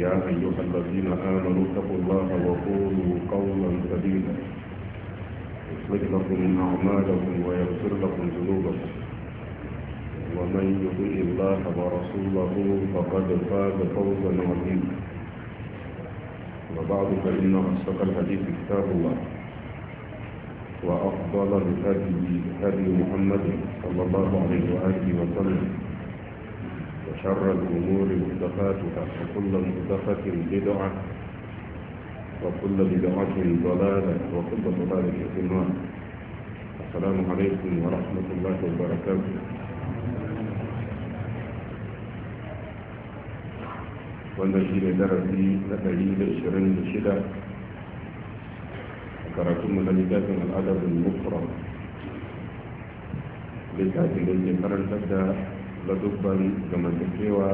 يا أيها الذين آمنوا اتقوا الله وقولوا قولا سديدا يصلح لكم أعمالكم ويغفر لكم ذنوبكم ومن يطع الله ورسوله فقد فاز فوزا عظيما وبعد فإن أصدق الحديث كتاب الله وأفضل الهدي هدي محمد صلى الله عليه وآله وسلم شر الأمور مدفاتها وكل مدفة بدعة وكل بدعة ضلالة وكل ضلالة في النار السلام عليكم ورحمة الله وبركاته ونجيل دربي لدليل شرين شدة ذكرتم من الأدب المكرم لذلك الذي قرر لدبر كما تكيوا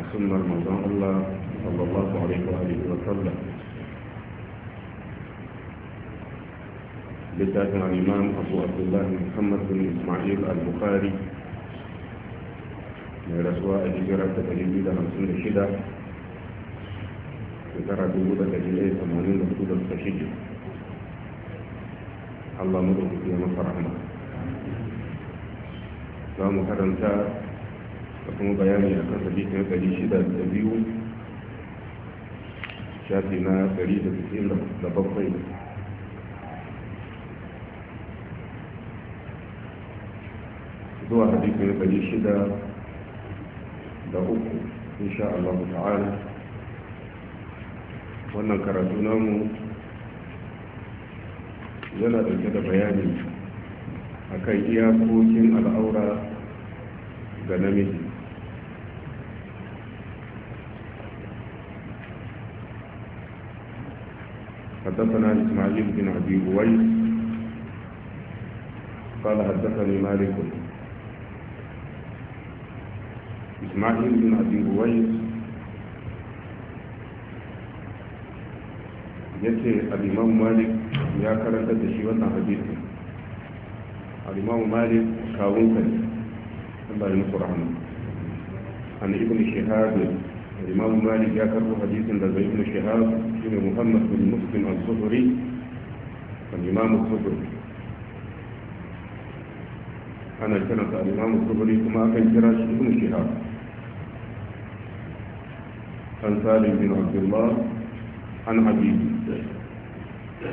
وسن رمضان الله صلى الله عليه وآله وسلم بالذات عن الإمام أبو عبد الله محمد بن إسماعيل البخاري من رسواء الهجرة تتجيب إلى سنة الشدة ذكر بيوضة جلية ثمانين وفتوضة الله مدعو في مصر رحمه za mu karanta da kuma bayani a kan hadisin ɗari shida da biyu shafi na ɗari da fitin da bakwai zuwa hadisin ɗari shida da uku insha Allah ta'ala wannan karatu namu yana ɗauke da bayani A kan iyakokin al'aura ga namiji حدثنا إسماعيل بن أبي أويس قال حدثني مالك إسماعيل بن أبي أويس yace al-imam malik ya karanta da shi wannan hadisi al malik kawun ne الله ينصر عنه عن ابن شهاب الإمام مالك ذكر حديث لدى ابن شهاب حين محمد بن مسلم الزهري الإمام الزهري أنا كنت الإمام الزهري كما أكن جراش ابن شهاب عن سالم بن عبد الله عن حديث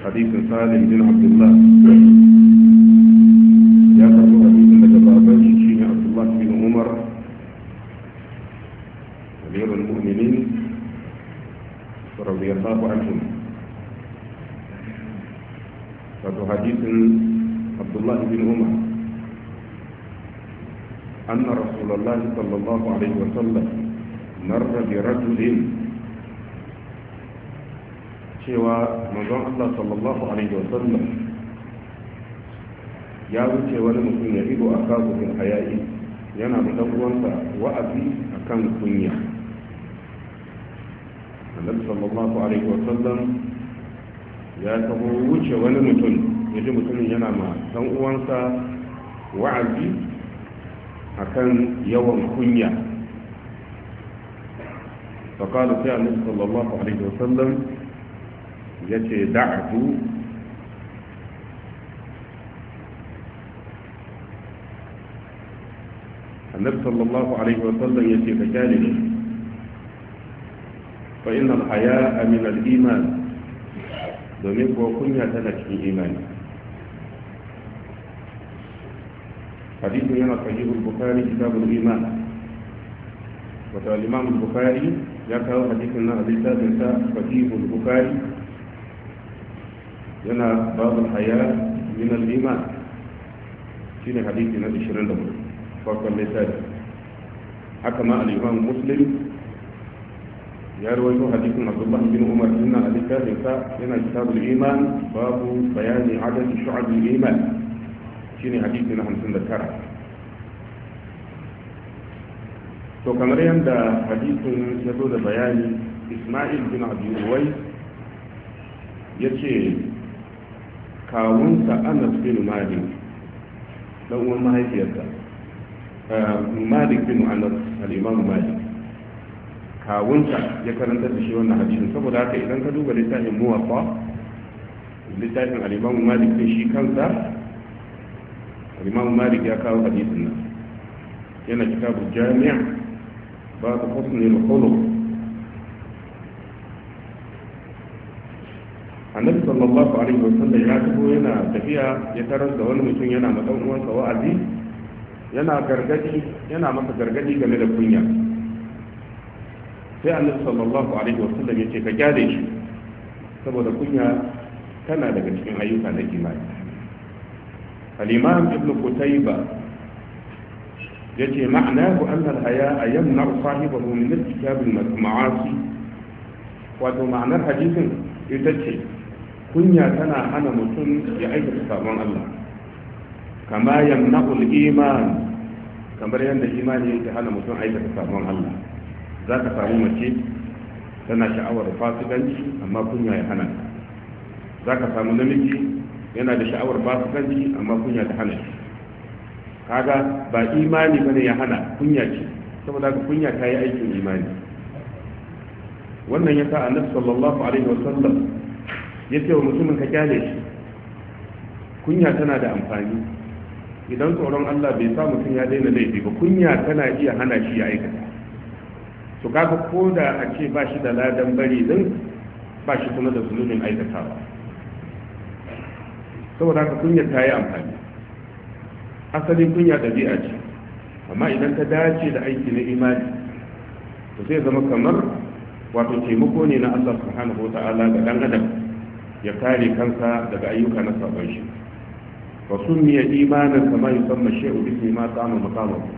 حديث سالم بن عبد الله حديث عبد الله بن عمر أن رسول الله صلى الله عليه وسلم مر برجل شوى مزون الله صلى الله عليه وسلم يا وجه ولا مسلم يجب أخاه في الحياة ينا بدون وأبي أكن كنيا النبي صلى الله عليه وسلم يا تبو وجه ولا مسلم ya mutumin yana ma dan uwansa wa'azi kan yawan kunya faƙalu sai annabi sallallahu alaihi wasallam ya ce da'atu annabi sallallahu alaihi wasallam ya ce ka kyale ne fa haya min al iman domin kunya tana cikin imani حديث هنا صحيح البخاري كتاب الإيمان وسأل الإمام البخاري يقرا حديث هنا حديث هذا صحيح البخاري هنا باب الحياة من الإيمان في حديث هنا بشرين دمر فقال لسائل حكم الإمام مسلم يروي حديث عبد الله بن عمر ان حديث هذا كتاب الإيمان باب بيان عدد شعب الإيمان shine hadisi na 59 to kamar yadda hadisin ya zo da bayani ismail bin abdullawai ya ce kawunsa anas bin malik don uwan mahaifiyarsa eh, malik bin anas al'imamu malik kawunsa ya karanta da shi wannan hadisin saboda haka idan ka duba littafin muwafa littafin al'imamu malik din shi kansa al-imam malik ya kawo hadisin nan yana kitabu jami'a ba babu husnul khuluq annabi sallallahu alaihi sallam ya taho yana tafiya ya tarar da wani mutum yana ma dan uwansa wa'azi yana gargadi yana masa gargadi game da kunya sai annabi sallallahu alaihi sallam ya ce ka gyare shi saboda kunya tana daga cikin ayyuka na imani al Kutaiba ibn qutayba yace ma'ana ku anna al-haya yamna sahibahu min irtikab al-ma'asi wato ma'anar hadisin ita ce kunya tana hana mutum ya aikata sabon Allah kama yamna al-iman kamar yadda imani yake hana mutum aikata sabon Allah za ka samu mace tana sha'awar fasikanci amma kunya ya hana za ka samu namiji yana da sha'awar fasikanci amma kunya ta hana shi kaga ba imani bane ya hana kunya ce saboda ga kunya ta yi aikin imani wannan ya sa annabi sallallahu alaihi wasallam ya ce wa mutumin ka kyale shi kunya tana da amfani idan tsoron Allah bai sa mutum ya daina laifi ba kunya tana iya hana shi ya aikata su kaga ko da a ce ba shi da ladan bari din ba shi kuma da zunubin aikatawa saboda haka kunya ta yi amfani asalin kunya ɗabi'a ce amma idan ta dace da aiki na imani to zai zama kamar wato taimako ne na Allah subhanahu wa ta'ala ga dan adam ya kare kansa daga ayyuka na sabon shi wa sunniya imanan kama yusamma shay'u bihi ma ta'amu maqamahu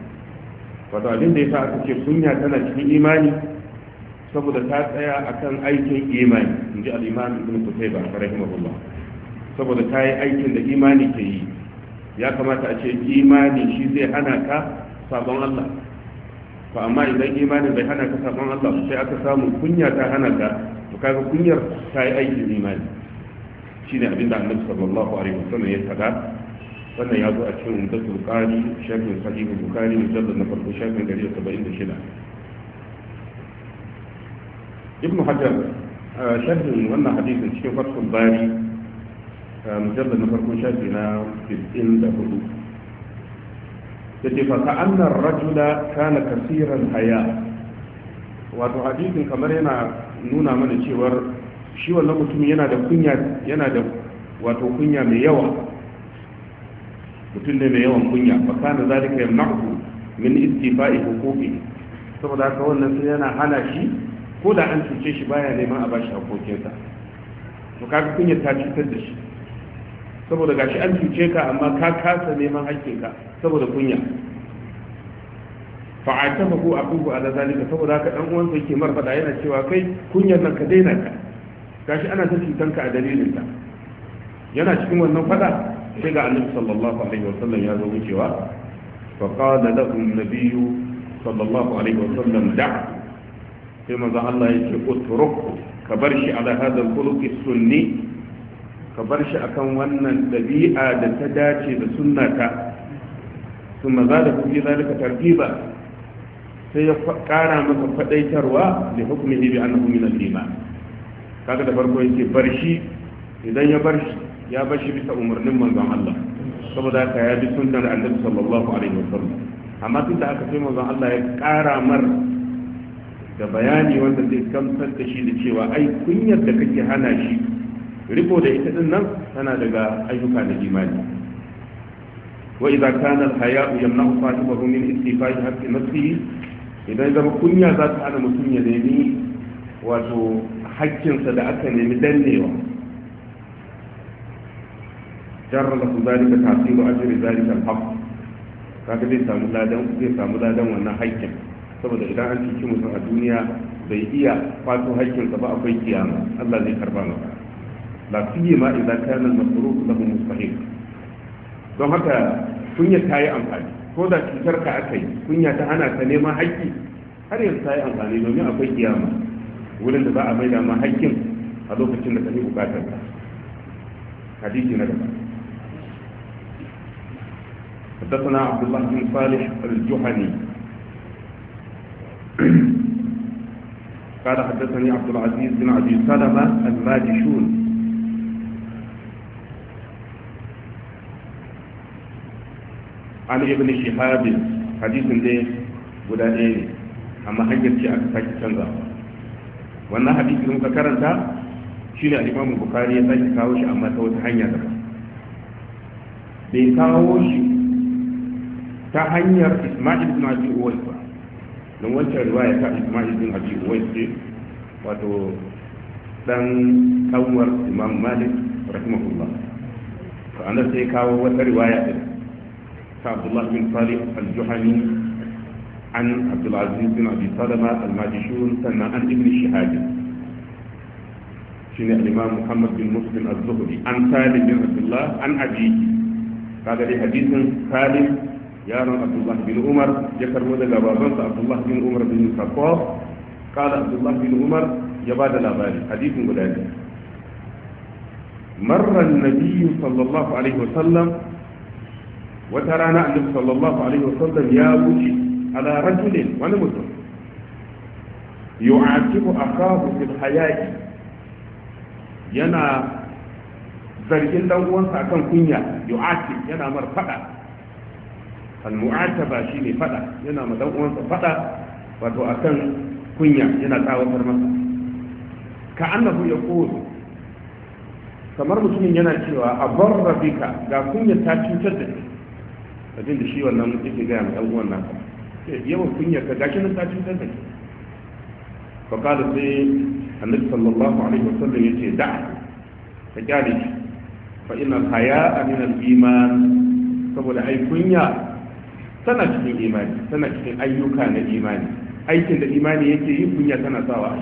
wato abin da yasa aka ce kunya tana cikin imani saboda ta tsaya akan aikin imani inji al-imam ibn Qutaybah rahimahullah saboda ta yi aikin da imani ke yi ya kamata a ce imani shi zai hana ka sabon Allah ba amma idan imanin bai hana ka sabon Allah sai aka samu kunya ta hana ka to kaga kunyar ta yi aikin imani shine da annabi sallallahu alaihi wasallam ya faɗa wannan ya zo a cikin umdatul qari shafin sahih bukhari mujallad na farko shafin 176 Ibn hajar sharhin wannan hadisin cikin fathul bari mujallar na farko shafi na 94 da ce faka annar rajula kana kasiran haya wato hadisin kamar yana nuna mana cewar shi wannan mutum yana da kunya yana da wato kunya mai yawa mutum ne mai yawan kunya fa kana zalika yamna'u min istifa'i saboda haka wannan sai yana hana shi ko da an cuce shi baya neman a bashi hakokinsa to kaga kunya ta cutar da shi saboda gashi an cuce ka amma ka kasa neman haƙƙinka saboda kunya fa'atafa ko abubu a zalika saboda haka dan uwansa yake marfada yana cewa kai kunyar nan ka daina ka gashi ana ta cutan ka a dalilin ta yana cikin wannan fada sai ga annabi sallallahu alaihi wasallam ya zo wucewa fa qala lahum nabiyyu sallallahu alaihi wasallam da sai manzo Allah yake utruk ka bar shi ala hadal khuluqi sunni ka bar shi akan wannan ɗabi'a da ta dace da sunnata sun maza da kuɗi zalika tartiba sai ya ƙara masa fadaitarwa, da hukumin bi annahu min na iman kaga da farko yake bar shi idan ya bar shi ya bar shi bisa umarnin manzon Allah saboda haka ya bi sunnar annabi sallallahu alaihi wasallam amma tunda aka ce manzon Allah ya ƙara mar da bayani wanda zai gamsar da shi da cewa ai kunyar da kake hana shi riko da ita din nan tana daga ayyuka na imani wa idza kana al-haya'u yamna'u sahibahu min istifa'i haqqi nafsihi idan zama kunya za ta hana mutum ya nemi wato hakkinsa da aka nemi dannewa jarra lahu zalika tasiru ajri zalika al-haqq kaga zai samu ladan zai samu ladan wannan haƙƙin saboda idan an cuci mutum a duniya bai iya fato haƙƙinsa ba akwai kiyama Allah zai karba maka لا سيما اذا كان المصروف له مستحيل دون هكا كنيا تاي امفاني كودا تشر كاكاي كنيا تهانا تاني ما حكي هل ينساي امفاني دون يأبو قياما ولن تبا أميدا ما حكي هذا هو كنيا تاني بكاتا حديثي نجم حدثنا عبد الله بن صالح الجحني قال حدثني عبد العزيز بن عبد السلمة الماجشون an ibn shihabin hadisin dai guda ɗaya ne amma hanyar ce aka sake canza wannan hadisi da muka karanta shine al-Imam Bukhari ya sake kawo shi amma ta wata hanya daban bai kawo shi ta hanyar Isma'il bin Abi Uwais ba don wancan riwaya ta Isma'il bin Abi Uwais ce wato dan kanwar Imam Malik rahimahullah to an sai kawo wata riwaya din عبد الله بن صالح الجحني عن عبد العزيز بن أبي سلمة الماجشون سنة عن ابن الشهاد شنو الإمام محمد بن مسلم الزهري عن سالم بن عبد الله عن أبيه قال لي حديث سالم يا عبد الله بن عمر يكر مدى بابا عبد الله بن عمر بن الخطاب قال عبد الله بن عمر يبادل الأباري حديث مدى مر النبي صلى الله عليه وسلم wata rana annabi sallallahu alaihi wasallam ya wuce a larar rajulin wani mutum cikin akwai fil hayaki yana zargin dan uwansa akan kunya yu'atib yana mar fada al mu'ataba ne fada yana ma dan uwansa fada wato akan kunya yana tsawatar masa ka annahu kowace kamar mutumin yana cewa a barra bika ga kunya ta cutar da shi. abin da shi wannan yake gaya mai ɗan'uwan nan yawan kunya ka gashi nan tashi da kai fa kada sai annabi sallallahu alaihi wasallam yace da ka kyale shi fa inna haya min al-iman saboda ai kunya tana cikin imani tana cikin ayyuka na imani aikin da imani yake yi kunya tana sawa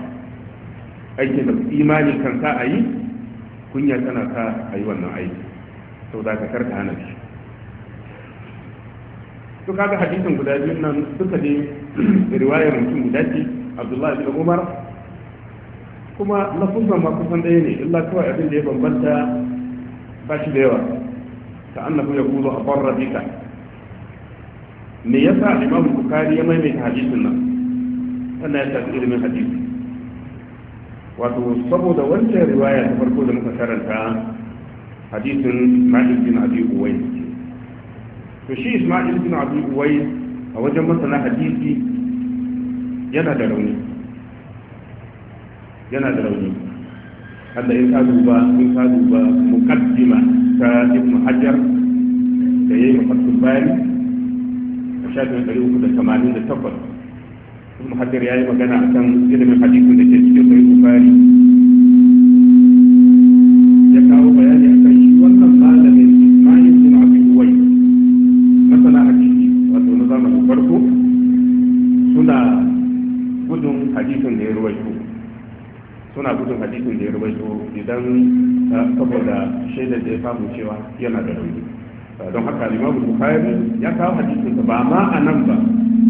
aikin da imani kan sa a yi kunya tana sa a yi wannan aiki sau da ka karka hana shi to kaga hadisin guda biyun nan suka ne riwayar mutum guda ce abdullahi bin umar kuma na lafuzan ma kusan ɗaya ne illa kawai abin da ya bambanta ba shi da yawa ta annahu ya kuzo a barra bika me yasa imam bukari ya maimaita hadisin nan wannan ya shafi ilimin hadisi wato saboda wancan riwaya ta farko da muka karanta hadisin malik bin abi uwais to shi isma'il bin abi uwais a wajen masana hadisi yana da rauni yana da rauni hada in ka duba in ka duba muqaddima ta ibn hajar da yayi mafatul bayani a shafin 388 ibn hajar yayi magana akan ilimin hadisi da ke cikin sahih bukhari suna gudun hadisin da ya rubaito idan eh, saboda shaidar da ya samu cewa yana da rauni eh, don haka limamu bukari ya kawo hadisinsa ba ma a nan ba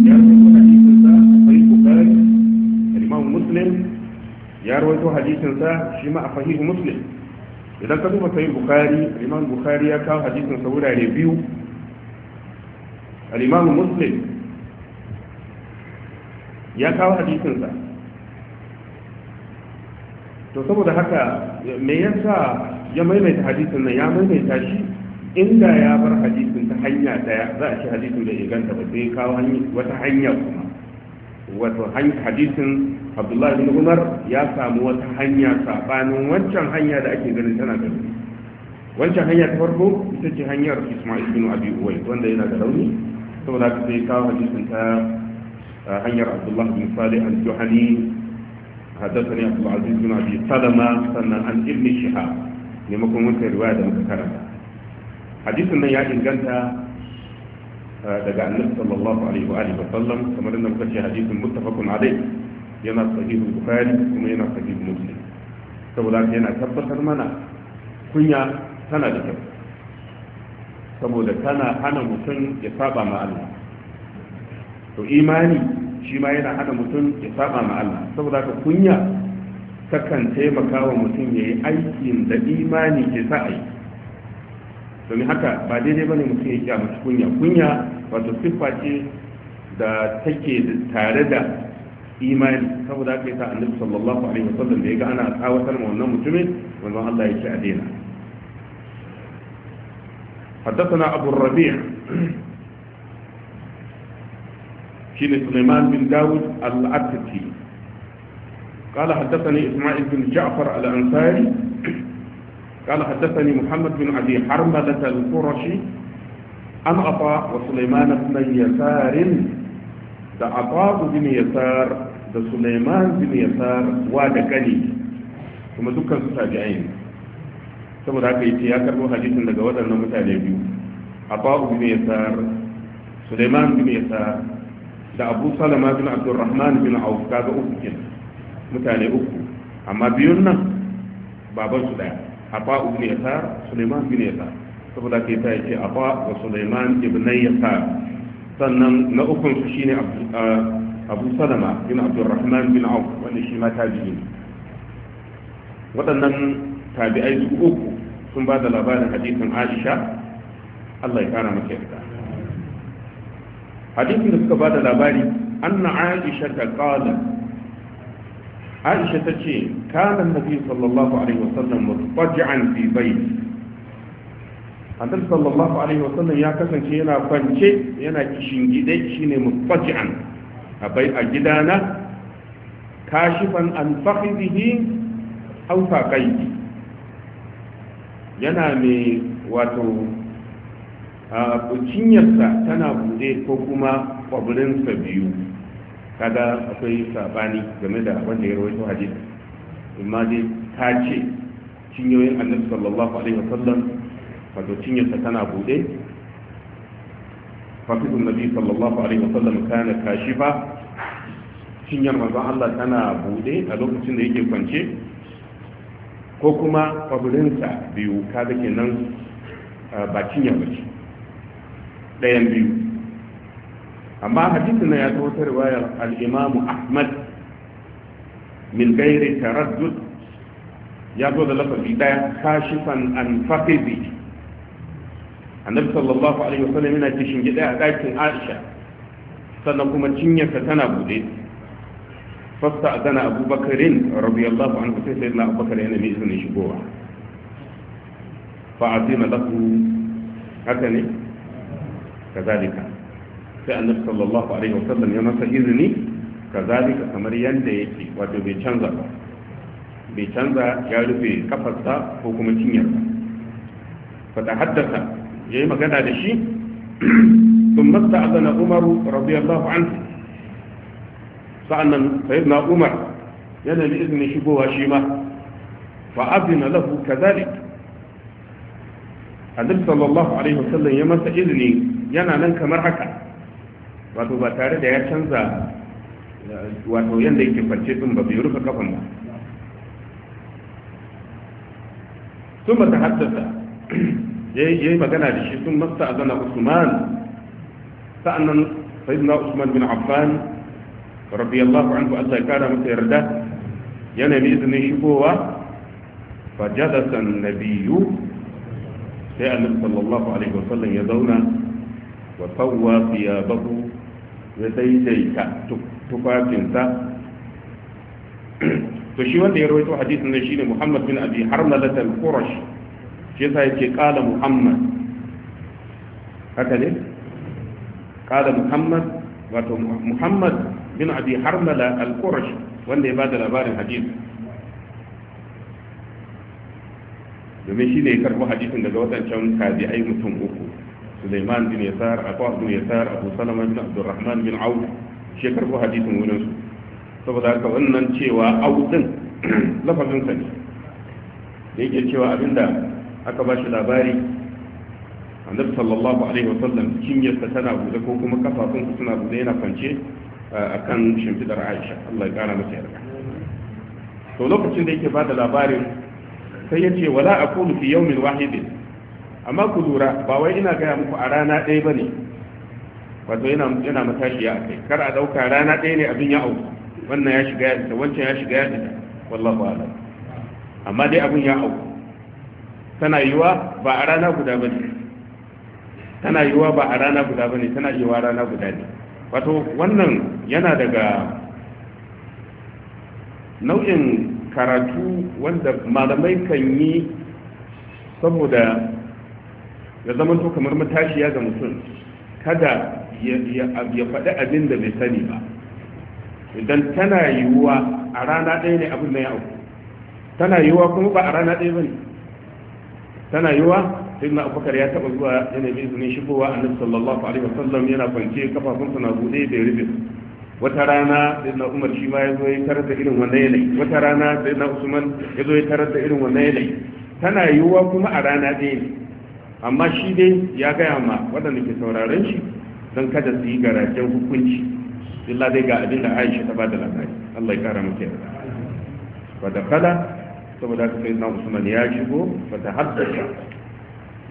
ya rubuta hadisinsa akwai bukari limamu muslim ya rubuta hadisinsa shi ma a fahimu muslim idan ka duba sahih bukari limamu bukari ya kawo hadisinsa wurare biyu a imamu muslim ya kawo hadisinsa to saboda haka me yasa ya maimaita hadisin nan ya maimaita shi inda ya bar hadisin ta hanya daya za a ci hadisin da inganta ba sai kawo wata hanya kuma wato hadisin abdullahi bin umar ya samu wata hanya sabanin wancan hanya da ake ganin tana da rauni wancan hanya ta farko ita ce hanyar ismail bin abi uwai wanda yana da rauni saboda haka sai kawo hadisin ta hanyar abdullahi bin salih al-juhani حدثني عبد العزيز بن ابي سلمه سنة عن ابن شهاب لمكن وانت روايه ده متكرر حديث ان يا انغنتا daga annabi sallallahu alaihi wa alihi wa sallam kamar da muka ce hadisin muttafaqun alai yana sahih bukhari kuma yana sahih muslim saboda haka yana tabbatar mana kunya tana da kyau saboda tana hana mutum ya saba ma Allah to imani shi ma yana hana mutum ya saba ma Allah saboda ka kunya takan taimaka wa mutum ya yi aikin da imani ke sa a yi domin haka ba daidai ba ne mutum ya kyamata kunya kunya wato siffa ce da take tare da imani saboda haka sa annabi sallallahu alaihi wasallam da ya ga ana tsawatar ma wannan mutumin wannan Allah ya ce a daina حدثنا أبو الربيع شين سليمان بن داود الأتكي قال حدثني إسماعيل بن جعفر الأنصاري قال حدثني محمد بن أبي حرملة القرشي عن عطاء وسليمان بن يسار ده عطاء بن يسار ده سليمان بن يسار وادكني ثم ذكر su ثم ذاك saboda حديث yace أنه karbo hadisin عطاء بن يسار سليمان بن يسار da abu salama bin Abdulrahman bin auf kaga uku kenan mutane uku amma biyun nan baban su daya afa ibn yasar suleiman bin yasar saboda ke ta yace afa wa suleiman ibn yasar sannan na ukun su shine abu salama bin Abdulrahman bin auf wanda shi ma tabi'i ne waɗannan tabi'ai su uku sun ba da labarin hadisin aisha Allah ya kara maka yarda hadisin da suka ba da labari anna aisha ta qala aisha ta ce kana nabi sallallahu alaihi wasallam mutqaj'an fi bayt annabi sallallahu alaihi wasallam ya kasance yana kwance yana kishin kishingide shine mutqaj'an a bai a gidana kashifan an fakhidihi hausa kai. yana mai wato a cinyarsa tana bude ko kuma kwabirinsa biyu kada akwai sabani game da wanda ya rawaito hadis amma dai ta ce cinyoyin annabi sallallahu alaihi wasallam wato cinyarsa tana bude fafisun nabi sallallahu alaihi wasallam kana kashifa cinyar manzon Allah tana bude a lokacin da yake kwance ko kuma kwabirinsa biyu kada kenan ba cinyar ba ɗayan biyu amma hadisin ya zo ta riwayar al'imamu ahmad min gairi taraddud ya zo da lafafi ɗaya kashifan an faqizi annabi sallallahu alaihi wasallam yana shinge ɗaya a ɗakin aisha sannan kuma cinyarsa tana bude fasta azana abubakarin an anhu sai sayyidina abubakar yana mai izinin shigowa fa azina lahu haka ne kazalika sai annabi sallallahu alaihi ya masa izini kazalika kamar yanda wato bai canza ya rufe kafarsa ko kuma cinyarsa fata haddasa ya yi magana da shi sun masta azana umaru umar yana shi ma فأذن له كذلك النبي صلى الله عليه وسلم يمس إذني yana nan kamar haka wato ba tare da ya canza wato yadda yake farce din ba bai rufe kafan ba sun ba ta haddasa ya yi magana da shi sun masta azana usman sa'annan sayyidina usman bin affan radiyallahu anhu Allah ya kara masa yarda ya nemi izinin shigowa fa jalasa an-nabiyyu sai annabi sallallahu alaihi wasallam ya zauna wa biya babu, ya daidaita tufafinsa to shi wanda ya rawaito hadisin nan shine Muhammad bin Abi Harmalah al-Qurash shi yasa yake kala Muhammad haka ne kala Muhammad wato Muhammad bin Abi Harmalah al-Qurash wanda ya ba da labarin hadisi domin shi ne ya karɓi hadisin daga wadancan tabi'ai mutum uku Sulaiman bin Yasar Abu Abdul Yasar Abu Salama bin Abdurrahman bin Auf shi karbo hadisin wurin saboda haka wannan cewa Auf din lafazin sa ne da cewa abinda aka ba shi labari annabi sallallahu alaihi wasallam cinyarsa tana buɗe ko kuma yana kwance akan shimfidar Aisha Allah ya kara mata yarda to lokacin da yake ba da labarin sai ya ce wala aqulu fi yawmin wahidin amma ku lura ba wai ina gaya muku a rana ɗaya ba ne wato yana matashiya ya kai kar a ɗauka rana ɗaya ne abin ya auku wannan ya shiga ya fita wancan ya shiga ya fita wallahu alam amma dai abin ya auku tana yiwa ba a rana guda ba ne tana yiwa ba a rana guda ba ne tana yiwa rana guda ne wato wannan yana daga nau'in karatu wanda malamai kan yi saboda ya zama to kamar matashiya ga mutum kada ya faɗi abin da bai sani ba idan tana yiwuwa a rana ɗaya ne abin da ya auku tana yiwuwa kuma ba a rana ɗaya ba ne tana yiwuwa sai na abubakar ya taɓa zuwa yana mai izinin shigowa a nan sallallahu alaihi wasallam yana kwance kafafunsa na buɗe bai rufe wata rana sai na umar shi ma ya zo ya tarar da irin wannan yanayi wata rana sai na usman ya zo ya tarar da irin wannan yanayi tana yiwuwa kuma a rana ɗaya ne amma shi dai ya gaya ma waɗanda ke sauraron shi don kada su yi garajen hukunci illa dai ga abin da aisha ta bada labari allah ya kara muke ba da kala saboda haka sai na usman ya shigo ba ta haddasa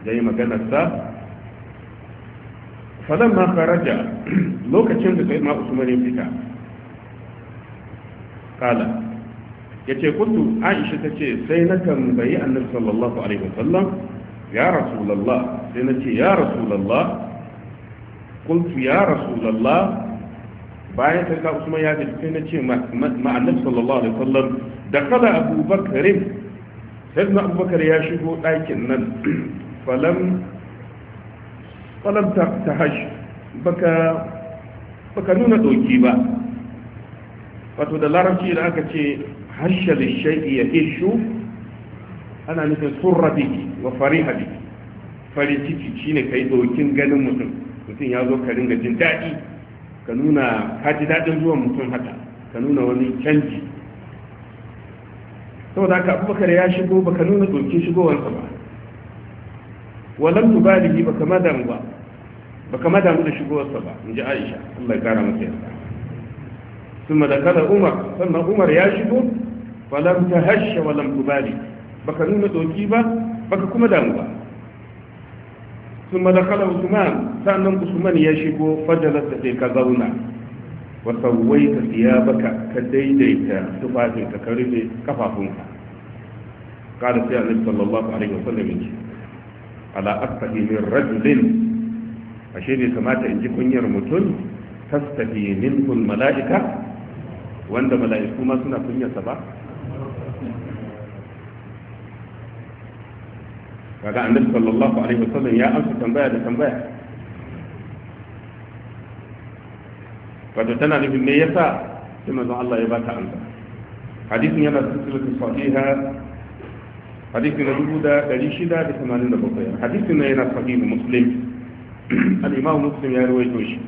ya yi maganarsa falon ma faraja lokacin da sai na usman ya fita kala ya ce kuntu aisha ta ce sai na tambayi annabi sallallahu alaihi wasallam ya rasulallah sai na ce ya rasulallah kuntu ya rasulallah bayan ta ka usman ya tafi sai na ce ma'annabi sallallahu alaihi wasallam da kada abubakar sai na abubakar ya shigo ɗakin nan falam falam ta tahash baka baka nuna doki ba wato da larabci da aka ce da hashal shay'i yahishu ana nufin surra bihi wa fariha bihi farin ciki shine kai dokin ganin mutum mutum ya zo ka ringa jin daɗi ka nuna ka ji daɗin zuwan mutum haka ka nuna wani canji saboda haka abubakar ya shigo baka nuna dokin shigowarsa ba walam tubalihi baka madamu ba baka madamu da shigowarsa ba in ji aisha Allah ya kara masa yarda ثم ذكر عمر ثم عمر يا شبه فلم تهش ولم تبالي baka nuna doki ba baka kuma damu ba sun madakala usman sannan usman ya shigo fajalar da sai ka zauna wa wai ka siya baka ka daidaita tufafinka ka rufe kafafunka kada sai annabi sallallahu alaihi wasallam yake ala astahi min rajulin ashe ne kamata in ji kunyar mutum tastahi minhu mala'ika wanda mala'iku ma suna kunyarsa ba kaga annabi sallallahu alaihi wasallam ya amsa tambaya da tambaya wato tana nufin me yasa sai manzon Allah ya bata amsa hadisin yana da silsilatu sahiha hadisi na dubu da dari shida da tamanin da bakwai hadisi na yana sahihu muslim al-imam muslim ya rawaito shi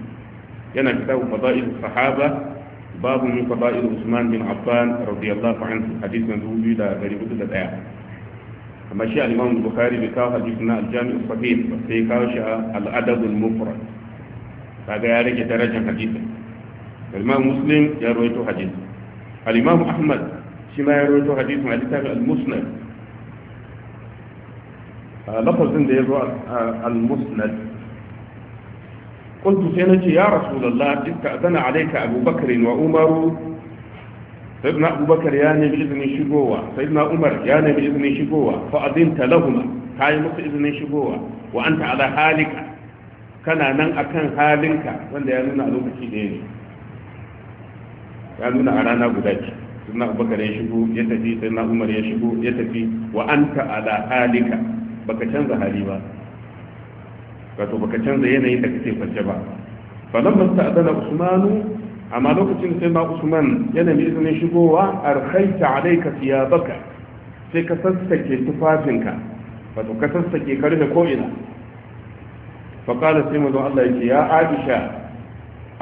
yana kitabu fada'il sahaba babu min fada'il usman bin affan radiyallahu anhu hadisi na dubu biyu da dari hudu da daya amma shi al-imam bukhari bai kawo hadisi na al-jami' sahih ba sai kawo shi al-adab al kaga ya rage darajar hadisi al-imam muslim ya rawaito hadisi al ahmad shi ma ya rawaito hadisi a littafin al-musnad lafazin da ya zo al-musnad قلت سينتي يا رسول الله استأذن عليك أبو بكر وعمر sayyidina abubakar ya nemi izinin shigowa sayyidina umar ya nemi izinin shigowa fa azinta lahuma ka yi musu izinin shigowa wa anta ala halika kana nan akan halinka wanda ya nuna a lokaci da ne ya nuna a rana guda ce sayyidina abubakar ya shigo ya tafi sayyidina umar ya shigo ya tafi wa anta ala halika baka canza hali ba wato baka canza yanayin da kake kwance ba falamma sta'dana usmanu amma lokacin sai na usman yana mai izinin shigowa arkhaita alaika thiyabaka sai ka sassake tufafinka wato ka sassake karfe ko ina fa qala sai manzo Allah yake ya Aisha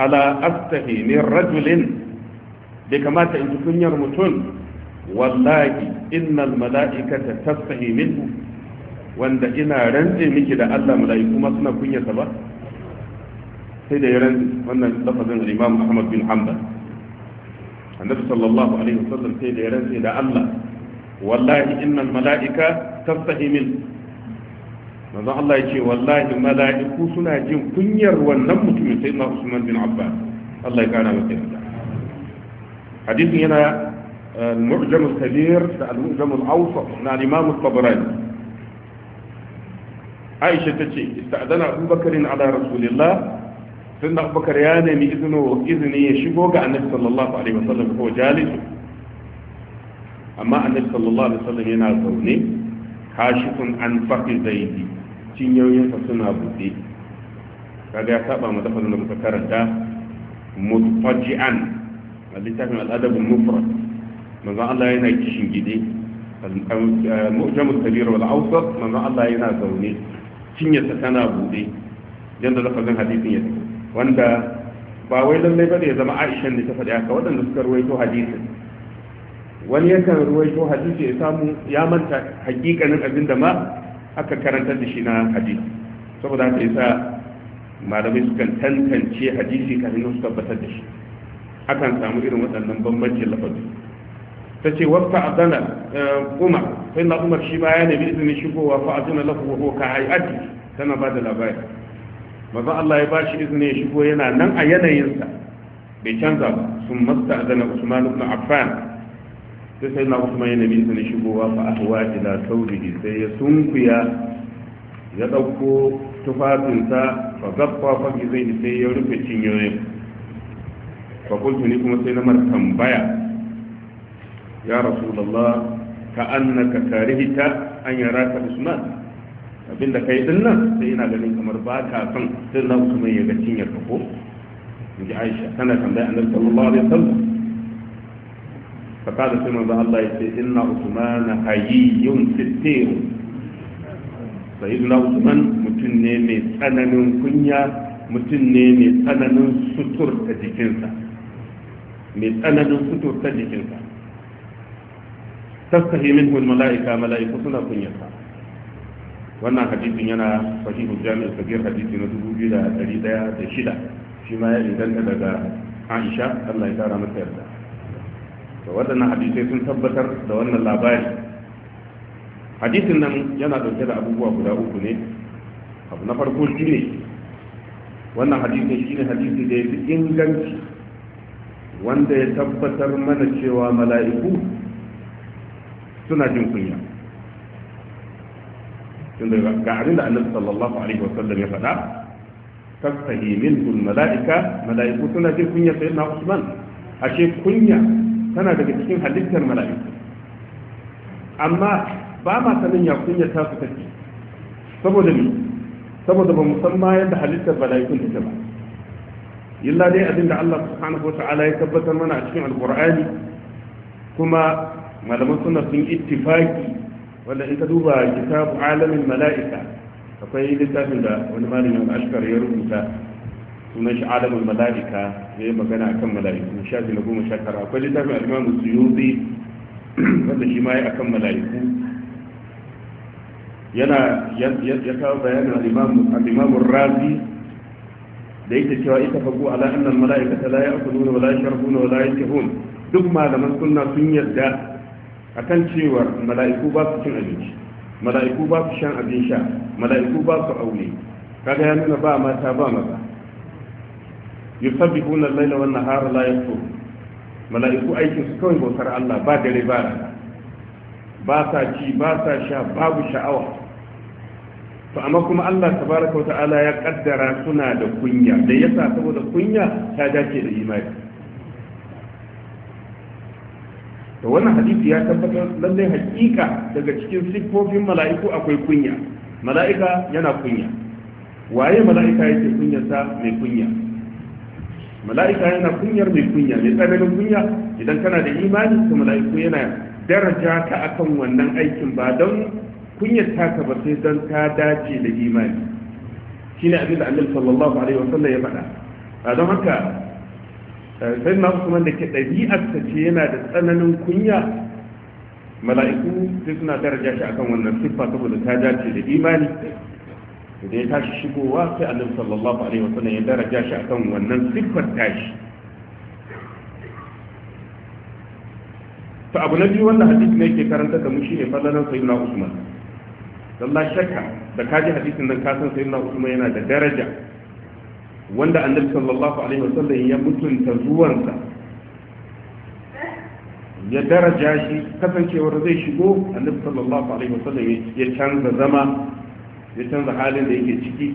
ala astahi ne rajulin bai kamata in ji kunyar mutum wallahi innal mala'ikata tastahi minhu wanda ina rantse miki da Allah mala'iku ma suna kunyata ba sai da ya rantsi wannan lafazin al-imam Ahmad bin Hanbal annabi sallallahu alaihi wasallam sai da ya sai da Allah wallahi innal mala'ika tastahi min manzo Allah ya ce wallahi mala'iku suna jin kunyar wannan mutumin sai na Usman bin Affan Allah ya kana masa yarda hadisin yana eh, Al-muhjamir Kabir da al الكبير المعجم الأوسط مع الإمام الطبراني عائشة تشي استأذن أبو بكر على رسول الله سيدنا أبو بكر يعني من إذنه إذنه يشبهك عن النبي صلى الله عليه وسلم هو جالس أما عن النبي صلى الله عليه وسلم هنا زوني كاشف عن فرق زيدي تنيو يفسنا بودي فقال يا سابا ما دفن لما تكرت مضطجعا اللي تفهم الأدب المفرد ما ذا الله هنا يتشن جدي المؤجم الكبير والأوسط ما ذا الله هنا زوني تنيو يفسنا بودي جند لفظن حديثي يتكرت wanda ba wai lallai ba ne ya zama aishan da ta faɗi haka waɗanda suka ruwaito hadisin wani yakan ruwaito hadisi ya samu ya manta hakikanin abin da ma aka karantar da shi na hadisi saboda haka yasa malamai sukan tantance hadisi kafin su tabbatar da shi akan samu irin waɗannan bambancin lafazi ta ce wata azana eh, umar sai na umar shi ma ya nemi izinin shigowa fa azana lahu wa ka hayati tana ba da labari maza Allah ya ba shi izini ya shigo yana nan a yanayinsa bai canza ba sun masta zana Usman ibn Affan sai sai na Usman yana bi izini shigowa fa ahwa ila sauri. sai ya sunkuya ya dauko tufafinsa fa gaffa fa zai sai ya rufe cinyoyin fa kuntu ni kuma sai na mar tambaya ya rasulullah ka annaka karihta an yaraka Usman abinda kai din nan sai ina ganin kamar ba ka son sai na kuma ya ga cinyar ka ko in ji aisha tana tambaya annabi sallallahu alaihi wasallam fa kada sai manzo Allah ya ce inna usmana hayyun sittir sayyidina usman mutum ne mai tsananin kunya mutum ne mai tsananin sutur ta jikinsa mai tsananin sutur ta jikinsa tastahi minhu al mala'ika mala'iku suna kunyarsa wannan hadisin yana sahihu jami'in sabir hadisi na dubu biyu da dari daya da shida shi ma ya inganta daga aisha allah ya tara masa yarda da waɗannan hadisai sun tabbatar da wannan labari hadisin nan yana ɗauke da abubuwa guda uku ne abu na farko shi ne wannan hadisin shi ne hadisi da ya fi inganci wanda ya tabbatar mana cewa mala'iku suna jin kunya tunda ga abinda annabi sallallahu alaihi wa sallam ya faɗa tastahi minhu malaika malaiku suna jin kunya sayyidina Usman ashe kunya tana daga cikin halittar malaiku amma ba ma sanin ya kunya ta su take saboda ni saboda ba musamman yadda halittar malaikun take ba illa dai abinda Allah subhanahu wata'ala ya tabbatar mana a cikin alqur'ani kuma malaman suna sun ittifaki wanda in ka duba kitabu alamin mala'ika akwai littafin da wani malamin ashkar ya rubuta sunan shi alamin mala'ika ya yi magana akan mala'iku shafi na goma sha tara akwai littafin alimamu suyuzi wanda shi ma ya akan mala'iku yana ya kawo bayanin alimamun razi da yake cewa ita fagu ala annal mala'ikata la ya'kuluna wa la yashrabuna wa la yakhun duk malaman sunna sun yarda akan cewar mala'iku ba su cin abinci mala'iku ba su shan abin sha mala'iku ba su aure kaga ya nuna ba mata ba maza yusabbihuna al-laila wannan nahara la yaftur mala'iku aikin su kawai bautar Allah ba dare ba ba sa ci ba sa sha babu sha'awa to amma kuma Allah tabaraka wa ta'ala ya kaddara suna da kunya da yasa saboda kunya ta dace da imani to wannan hadisi ya tabbatar lalle hakika daga cikin siffofin mala'iku akwai kunya mala'ika yana kunya waye mala'ika yake sa mai kunya mala'ika yana kunyar mai kunya mai tsananin kunya idan kana da imani to mala'iku yana daraja ka akan wannan aikin ba don kunyar taka ba sai don ta dace da imani shine abin da annabi sallallahu alaihi wasallam ya faɗa don haka Eh, sai na usman da ke ɗabi'arsa ce yana da tsananin kunya mala'iku sai suna daraja shi akan wannan siffa saboda ta dace da imani da ya tashi shigowa sai annabi sallallahu alaihi sallam ya daraja shi akan wannan siffar tashi to abu na biyu wannan hadisi ne ke karanta da mu shine fadalan sayyidina Usman dan la shakka da kaji hadisin nan ka san sayyidina Usman yana da daraja wanda annabi sallallahu alaihi wasallam ya mutunta zuwansa ya daraja shi kasancewar zai shigo annabi sallallahu alaihi wasallam ya canza zama ya canza halin da yake ciki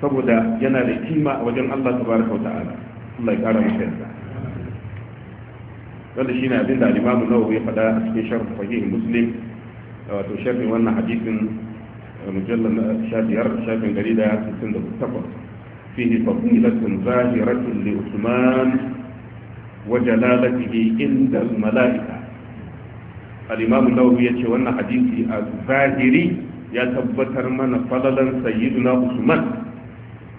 saboda yana da kima a wajen Allah tabaraka wa ta'ala Allah ya kara masa yarda wanda shine abin da al-Imam Nawawi ya faɗa a cikin sharh Sahih Muslim wato sharhin wannan hadisin mujallal shafiyar shafin garida 168 فيه فضيلة ظاهرة لعثمان وجلالته عند الملائكة الإمام النووي يقول أن حديثي الظاهري يتبتر من فضلا سيدنا عثمان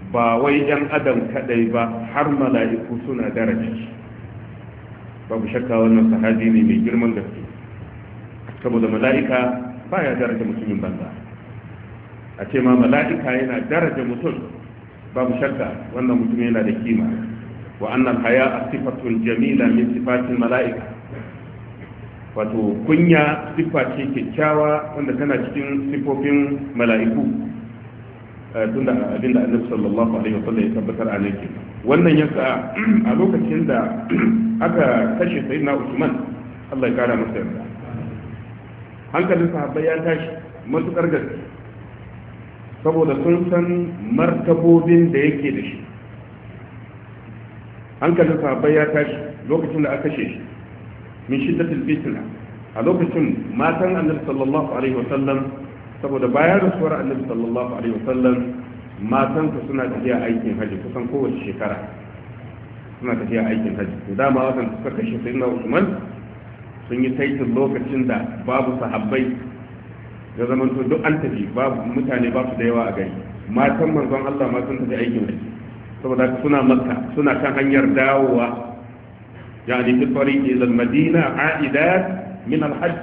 ba wai ‘yan adam kadai ba har mala'iku suna daraja babu shakka wannan sahabi ne mai girman gaske saboda mala'ika baya daraja mutumin banza a ce ma mala'ika yana daraja mutum babu shakka wannan mutum yana da kima wa annal haya sifatun jamila min sifatin mala'ika wato kunya siffa ce kyakkyawa wanda tana cikin sifofin mala'iku eh, tunda abin da annabi sallallahu alaihi sallam, ya tabbatar a nan wannan yasa a lokacin da aka kashe sayyidina Usman Allah ya kara masa yarda hankalin sahabbai ya tashi matukar gaske saboda sun san martabobin da yake da shi hankalin sahabbai ya tashi lokacin da aka shi min shiddatil fitna a lokacin matan annabi sallallahu alaihi wa sallam, saboda bayan rasuwar annabi sallallahu alaihi wasallam matan su suna tafiya aikin haji kusan kowace shekara suna tafiya aikin haji da dama wasan suka kashe sayyidina Usman sun yi taitin lokacin da babu sahabbai ya zama to duk an tafi babu mutane ba su da yawa a gari matan manzon Allah ma sun tafi aikin haji saboda suna makka suna kan hanyar dawowa yani fi tariqi ila madina aidat min al-hajj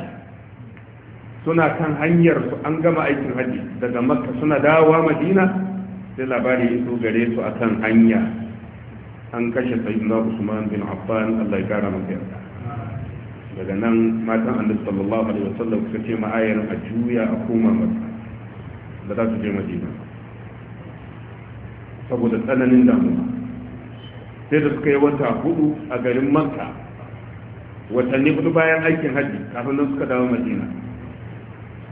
suna kan hanyar su an gama aikin haji daga makka suna dawowa madina sai labari iso gare su akan hanya an kashe sayyidina usman bin affan Allah ya kara masa yarda daga nan matan annabi sallallahu alaihi wasallam suka ce ma ayar a juya a koma masa da za su je madina saboda tsananin damuwa sai da suka yi wata hudu a garin makka watanni hudu bayan aikin hajji kafin nan suka dawo madina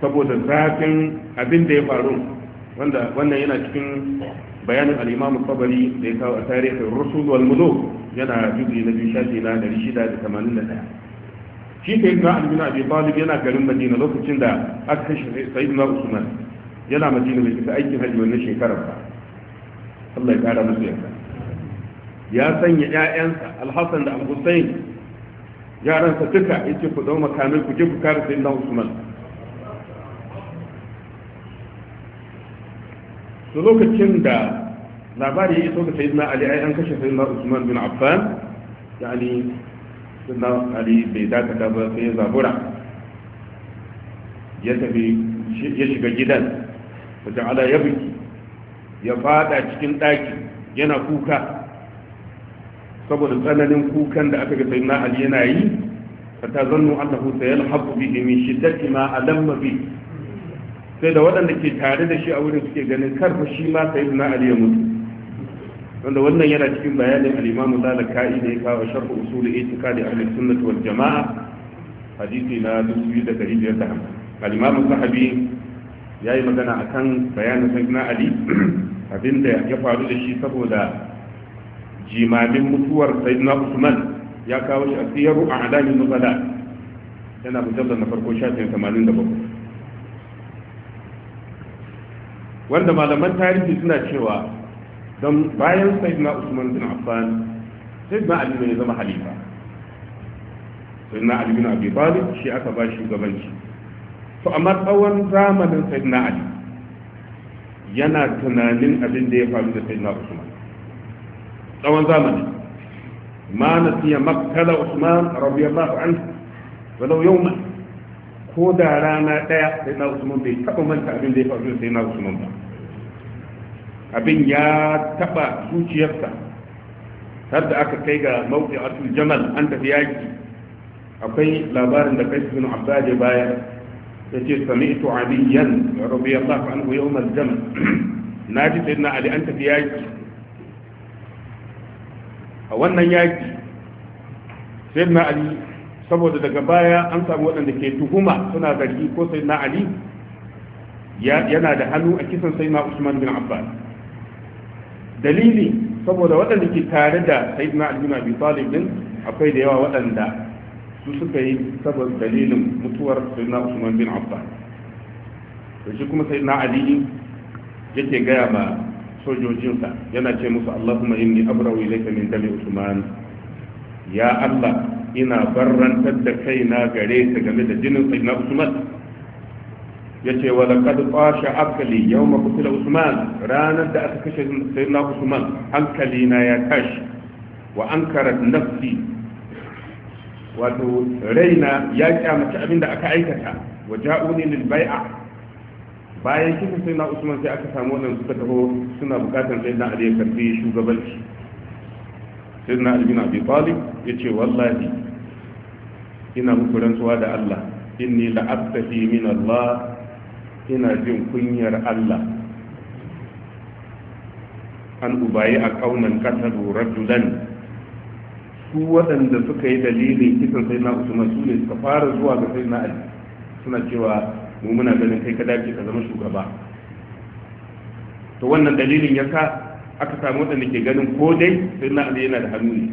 saboda zafin abin da ya faru wanda wannan yana cikin bayanin al'imamu kabari da ya kawo a tarihin rusul wal muluk yana jubi na biyu shafi na 681 shi ka yi Ali bin Abi Talib yana garin Madina lokacin da aka kashe na Usman yana Madina mai kisa aikin hajji wannan shekarar ba Allah ya kara musu yarda ya sanya ƴaƴansa Al-Hasan da Al-Husayn yaransa duka yace ku zama makamai ku je ku kare na Usman to lokacin da labari ya iso ga Sayyidina Ali ai an kashe Sayyidina Usman bin Affan yani suna ali bai dakata ba sai ya zabura ya tafi ya shiga gidan wajen ala ya biki ya fada cikin ɗaki yana kuka saboda tsananin kukan da aka ga sai na ali yana yi ta zannu annahu sayalhaqu bihi min shiddati ma alamma bi sai da waɗanda ke tare da shi a wurin suke ganin karfa shi ma sai na ali ya mutu wanda wannan yana cikin bayanin al-imam zalakai da ya kawo sharh usul i'tiqadi ahli sunnah wal jamaa hadisi na 2550 al-imam sahabi yayi magana akan bayanin sayyidina ali abinda ya faru da shi saboda jimamin mutuwar sayyidina usman ya kawo shi a siyaru a adami nubala yana mujallar na farko shafin 87 wanda malaman tarihi suna cewa don bayan sayyidina usman bin affan sayyidina ali ne ya zama halifa sayyidina ali bin abi talib shi aka ba shugabanci to amma tsawon zamanin sayyidina ali yana tunanin abin da ya faru da sayyidina usman tsawon zamanin ma nasiya makkala usman radiyallahu anhu walau yawma ko da rana daya sayyidina usman bai taba manta abin da ya faru da sayyidina usman ba abin ya taba zuciyarsa har da aka kai ga mawuƙi asul jamal an tafi yaƙi, akwai labarin da kaisu bin abbas da baya, ya ce sami'tu aliyan an goyi Umar jamal na ji na ali an tafi yaƙi. a wannan yaƙi, yaki na ali saboda daga baya an samu waɗanda ke tuhuma suna zargi ko na ali yana da hannu a kisan sai na usman bin Abba. dalili saboda waɗanda ke tare da sayyidina Ali bin Abi Talib din akwai da yawa waɗanda su suka yi sabon dalilin mutuwar sayyidina Usman bin Abba. to shi kuma sayyidina Ali yake gaya ma sojojinsa yana ce musu Allahumma inni abrau ilayka min dami Usman ya Allah ina barrantar da kaina gare ta game da jinin sayyidina Usman yace wa laqad qasha akli yawma qutila usman ranar da aka kashe sayyidina usman hankali na ya tashi wa ankara nafsi wato raina ya kyamaci abin da aka aikata wa ja'uni lil bai'a bayan kisa sayyidina usman sai aka samu wannan suka taho suna bukatar sayyidina ali ya karbi shugabanci sayyidina ali bin abi talib ce wallahi ina muku rantsuwa da Allah inni la'abtahi min Allah ina jin kunyar Allah an ubayi a kaunan kasar rajulan su waɗanda suka yi dalilin kisan sai na usman su ne suka fara zuwa ga sai na ali suna cewa mu muna ganin kai ka dace ka zama shugaba to wannan dalilin ya sa aka samu waɗanda ke ganin ko dai sai na ali yana da hannu ne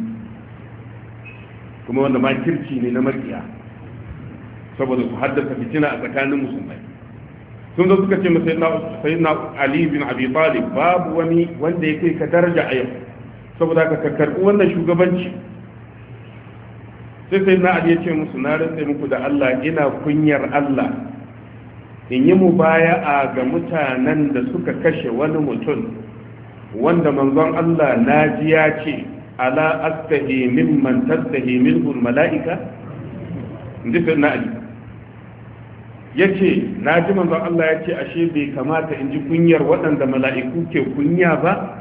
kuma wanda ma kirci ne na makiya saboda su haddasa fitina a tsakanin musulmai sun zo suka ce mu sai na ali bin abi talib babu wani wanda ya kai ka daraja a yau saboda ka karɓi wannan shugabanci sai sai na ali ya ce musu na rantsa muku da Allah ina kunyar Allah in yi mu a ga mutanen da suka kashe wani mutum wanda manzon Allah na ce ala astahi mimman tastahi minhu mala'ika ji sai na ali ya ce na ji manzon Allah ya ce ashe bai kamata in ji kunyar waɗanda mala'iku ke kunya ba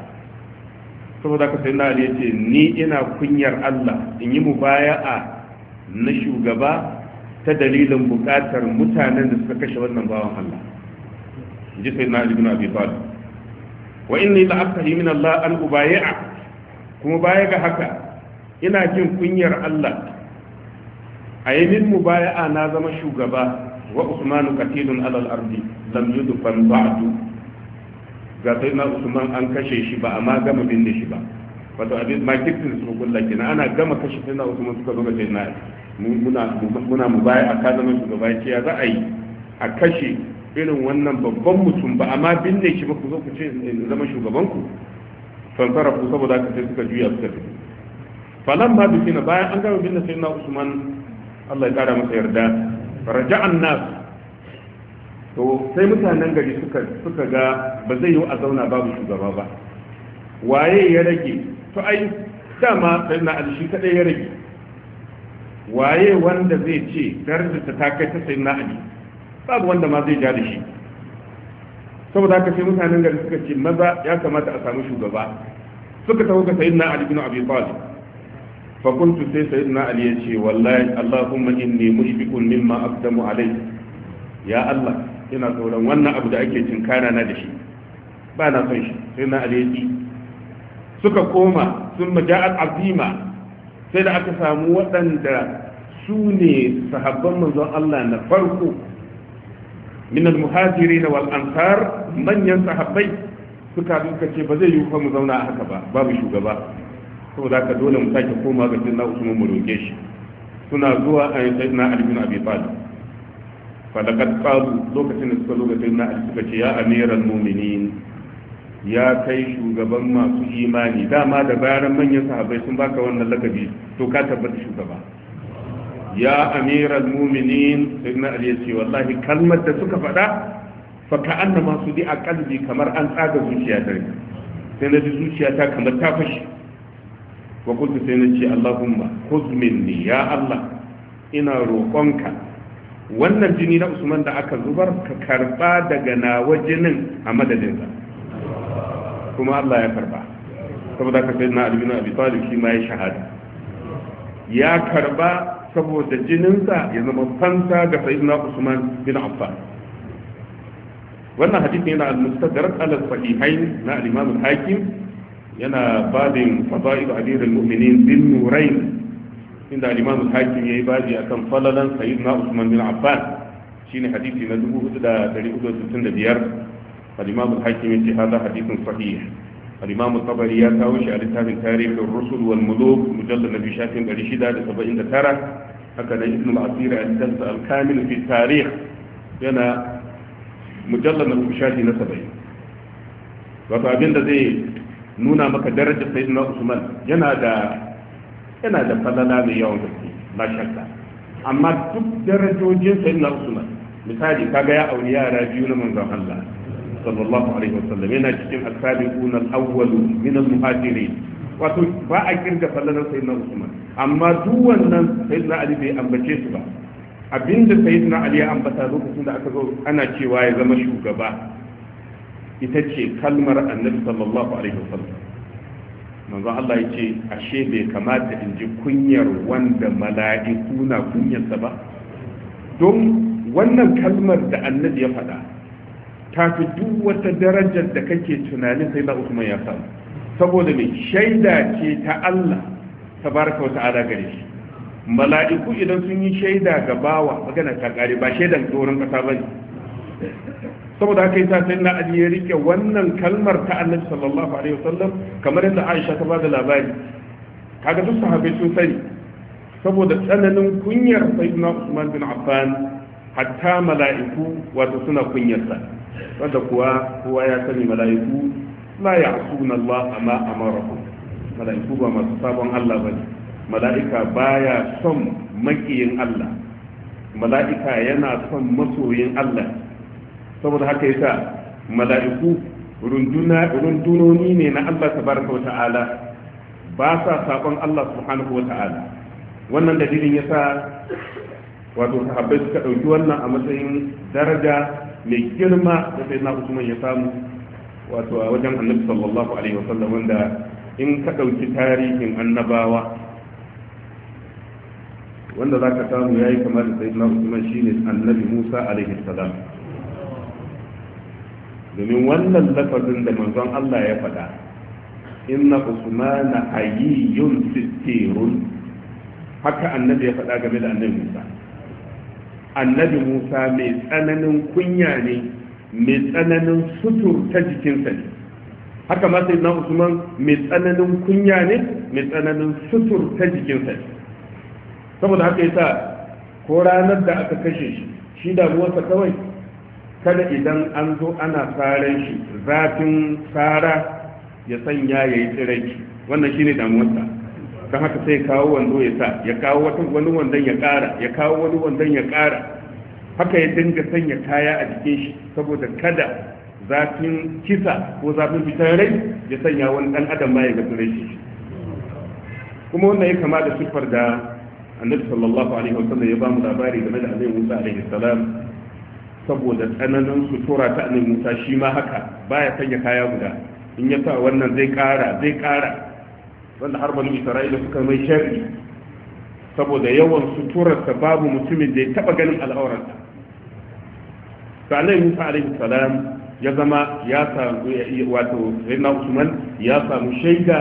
saboda ka sai na ya ce ni ina kunyar Allah in yi mu baya'a na shugaba ta dalilin buƙatar mutanen da suka kashe wannan bawan Allah in ji sai na ibn abi talib wa inni la aqtahi min Allah an ubayi'a kuma baya ga haka ina jin kunyar Allah a yi min mubaya'a na zama shugaba wa usman qatilun ala al-ardi lam yudfan ba'du ga sai na usman an kashe shi ba amma gama binne shi ba wato abin ma kirtin su kulla kenan ana gama kashe sai na usman suka zo ga sai na muna muna mubaya a kaza mai shugaba ya za a yi a kashe irin wannan babban mutum ba amma binne shi ba ku zo ku ce zama shugabanku fansara ku saboda haka sai suka juya suka tafi falan ma bikina bayan an gama binne sai na usman Allah ya kara masa yarda raja'an annas to sai mutanen gari suka suka ga ba zai yi a zauna babu shugaba ba waye ya rage to ai dama sai na ali shi kadai ya rage waye wanda zai ce darajarta ta kai ta sai na ali babu wanda ma zai ja da shi saboda haka sai mutanen gari suka ce maza ya kamata a samu shugaba suka taho ga sayyidina ali bin abi talib fakuntu sai sayyidina ali ya ce wallahi allahumma inni mushfiqun mimma aqdamu alai ya allah ina tsoron wannan abu da ake cinkana na da shi ba na son shi sai na ali ya suka koma sun maja'at azima sai da aka samu waɗanda su ne sahabban manzon Allah na farko min al na wal ansar manyan sahabbai suka duka ce ba zai yi mu zauna a haka ba babu shugaba saboda ka dole mu sake koma ga sayyidina usman mu roke shi suna zuwa a sayyidina ali bin abi talib falakat qalu lokacin da suka zo ga sayyidina ali suka ce ya amiral mu'minin ya kai shugaban masu imani dama da bayan manyan sahabbai sun baka wannan lakabi to ka tabbata shugaba ya amiral mu'minin sayyidina ali ya ce wallahi kalmar da suka faɗa fa ka'anna ma su di a kalbi kamar an tsaga zuciya ta sai na ji zuciya ta kamar ta fashe. wa kuntu sai na ce Allahumma Kuzmini ya Allah ina roƙonka wannan jini na Usman da aka zubar ka karba daga nawa jinin a madadinsa kuma Allah ya karba saboda ka sai na albinu abi talib shi ma ya shahada ya karba saboda jininsa ya zama fanta ga na Usman bin Affan wannan hadisi yana al-mustadrak ala sahihain na al-Imam al-Hakim ينا بابين فضائل أمير المؤمنين ذي النورين عند الإمام الحاكم يبادي أكن فللا سيدنا عثمان بن عفان شين حديث ندبو هدى تريد أدوة ديار الإمام الحاكم يتي هذا حديث صحيح الإمام الطبري يتاوش على التابن تاريخ الرسل والملوك مجلد نبي شاكم الرشيدة لسبعين دكارة هكذا ابن العصير الجزء الكامل في التاريخ ينا مجلد نبي شاكم لسبعين وفي أبين nuna maka darajar sayyidina usman yana da yana da falala mai yawan gaske ba shakka amma duk darajojin sayyidina usman misali kaga ya auri yara biyu na manzon Allah sallallahu alaihi wasallam yana cikin asabiquna al-awwalu min al-muhajirin wato ba a kirga falalar sayyidina usman amma duk wannan sayyidina ali bai ambace su ba abinda sayyidina ali ya ambata lokacin da aka zo ana cewa ya zama shugaba ita ce kalmar annabi sallallahu alaihi wasallam manzo Allah ya ashe bai kamata in ji kunyar wanda mala'iku na kunyarsa ba don wannan kalmar da annabi ya faɗa ta fi duk wata darajar da kake tunanin sai na Usman ya samu saboda mai shaida ce ta Allah ta tabaraka wata ta'ala gare shi mala'iku idan sun yi shaida ga bawa magana ta kare ba shaidan doron kasa bane saboda haka yasa sai na ali ya rike wannan kalmar ta annabi sallallahu alaihi wasallam kamar yadda aisha ta bada labari kaga duk sahabbai sun sani saboda tsananin kunyar sayyidina usman bin affan hatta mala'iku wato suna kunyarsa wanda kuwa kowa ya sani mala'iku la ya'suna Allah amma amarahum mala'iku ba masu sabon Allah bane mala'ika baya son makiyin Allah mala'ika yana son masoyin Allah saboda haka yasa mala'iku runduna rundunoni ne na Allah tabaraka wata'ala ba sa sabon Allah subhanahu wata'ala wannan dalilin yasa wato sahabbai suka dauki wannan a matsayin daraja mai girma da sai na Usman ya samu wato a wajen Annabi sallallahu alaihi wasallam wanda in ka dauki tarihin annabawa wanda za ka samu ya yi kama da sayyidina usman shine annabi musa alaihi salam domin wannan lafazin da manzon Allah ya faɗa inna usmana ayyun sittirun haka annabi ya faɗa game da annabi Musa annabi Musa mai tsananin kunya ne mai tsananin sutur ta jikinsa ne haka ma sai Usman mai tsananin kunya ne mai tsananin sutur ta jikinsa ne saboda haka yasa ko ranar da aka kashe shi shi da ruwansa kawai kada idan an zo ana saran shi zafin tsara ya sanya ya yi tsiraki wannan shi ne damuwarsa ta haka sai kawo wando ya sa ya kawo wani wandon ya kara ya kawo wani wandon ya kara haka ya dinga sanya kaya a jikin shi saboda kada zafin kisa ko zafin fitar rai ya sanya wani dan adam ma ya ga tsirai shi kuma wannan ya kama da siffar da annabi sallallahu alaihi wasallam ya ba mu labari game da annabi Musa alaihi salam saboda tsananin sutura ta annabi Musa shi ma haka baya sanya kaya guda in ya sa wannan zai kara zai kara wanda har banu Isra'ila suka mai sharri saboda yawan suturarsa babu mutumin da ya taba ganin al'aurarsa sa'alai Musa alaihi salam ya zama ya samu wato Sayyidina Usman ya samu shaida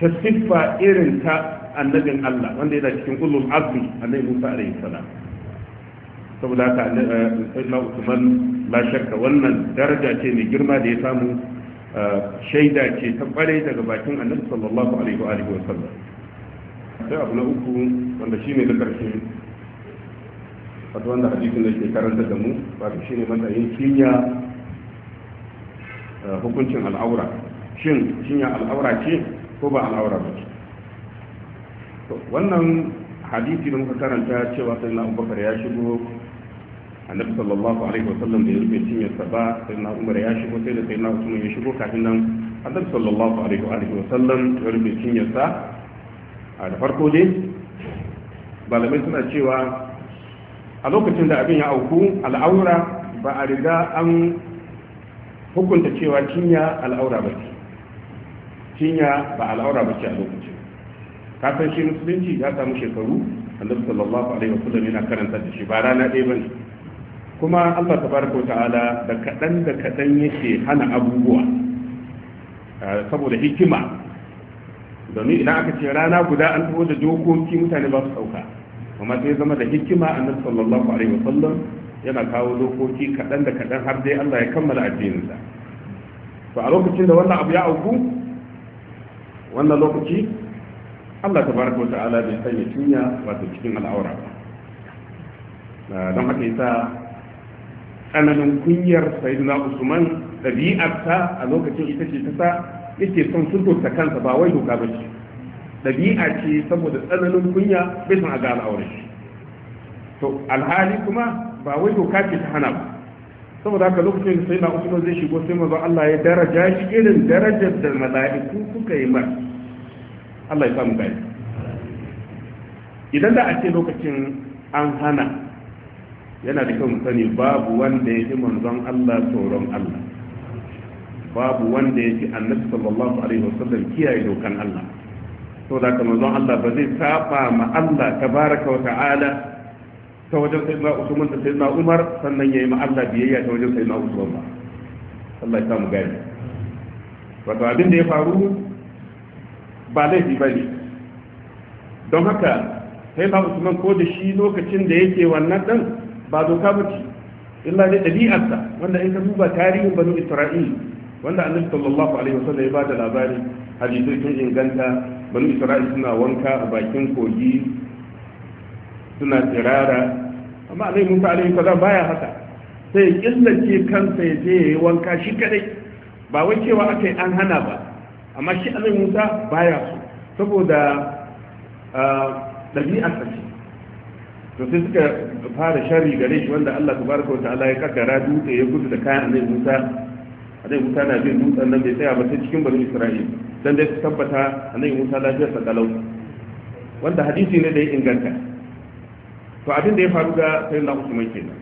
ta siffa irin ta annabin Allah wanda yana cikin ulul azmi annabi Musa alaihi salam saboda haka eh, sayyidina usman la shakka wannan daraja ce mai girma da ya samu eh, shaida ce ta kware daga bakin annabi sallallahu alaihi wa alihi wa sallam sai abu na uku wanda shine da karshe wato wanda hadisin da ke karanta da mu wato shine matsayin kinya eh, hukuncin al'aura shin kinya al'aura ce ko ba al'aura ba ce wannan hadisi da muka karanta cewa sai na abubakar ya shigo annabi sallallahu alaihi wa sallam da ya rufe cinyarsa ba sai na umar ya shigo sai da sai na usman ya shigo kafin nan annabi sallallahu alaihi wa sallam ya rufe cinyarsa a da farko dai malamai suna cewa a lokacin da abin ya auku al'aura ba a riga an hukunta cewa cinya al'aura ba ce cinya ba al'aura ba ce a lokacin kafin shi musulunci ya samu shekaru annabi sallallahu alaihi wasallam yana karanta da shi ba rana ɗaya bane kuma Allah tabaraka wa ta'ala da kaɗan da kaɗan yake hana abubuwa saboda hikima domin idan aka ce rana guda an taho da dokoki mutane ba su sauka amma sai zama da hikima annabi sallallahu alaihi wasallam yana kawo dokoki kaɗan da kaɗan har dai Allah ya kammala addininsa to a lokacin da wannan abu ya auku wannan lokaci Allah tabaraka wa ta'ala bai sanya tunya wato cikin al'aura ba don haka yasa tsananin kunyar sayyidina usman ɗabi'arsa a lokacin ita ce ta sa yake son sulhunta kansa ba wai doka ba ce ɗabi'a ce saboda tsananin kunya bai san a ga al'aure shi to alhali kuma ba wai doka ce ta hana ba saboda haka lokacin da sayyidina usman zai shigo sai manzo Allah ya daraja shi irin darajar da mala'iku suka yi mar Allah ya samu gani idan da a ce lokacin an hana yana da kyau sani babu wanda ya fi manzon Allah tsoron Allah babu wanda ya fi annabi sallallahu alaihi wasallam kiyaye dokan Allah to da ka manzon Allah ba zai saba ma Allah tabaraka wa ta'ala ta wajen sayyidina Usman da sayyidina Umar sannan yayi ma Allah biyayya ta wajen sayyidina Usman ba Allah ya samu gani wato abin da ya faru ba laifi ne don haka sai ba Usman ko da shi lokacin da yake wannan dan ba doka ba ce illa ne ɗabi'arsa wanda in ka duba tarihin banu isra'il wanda annabi sallallahu alaihi wasallam ya ba da labari hadisai sun inganta banu isra'il suna wanka a bakin kogi suna tsirara amma alai musa alaihi salam baya haka sai ya killace kansa ya je yayi wanka shi kadai ba wai cewa aka yi an hana ba amma shi alai musa baya so saboda ah, ɗabi'arsa ce to sai suka fara sharri gare shi wanda Allah tabaraka wata'ala ya kaddara dutse ya gudu da kayan annabi Musa annabi Musa na bin dutsen nan bai tsaya ba sai cikin bari Isra'il dan dai tabbata annabi Musa lafiyar sa kalau wanda hadisi ne da ya inganta to abin da ya faru ga sayyidina mai kenan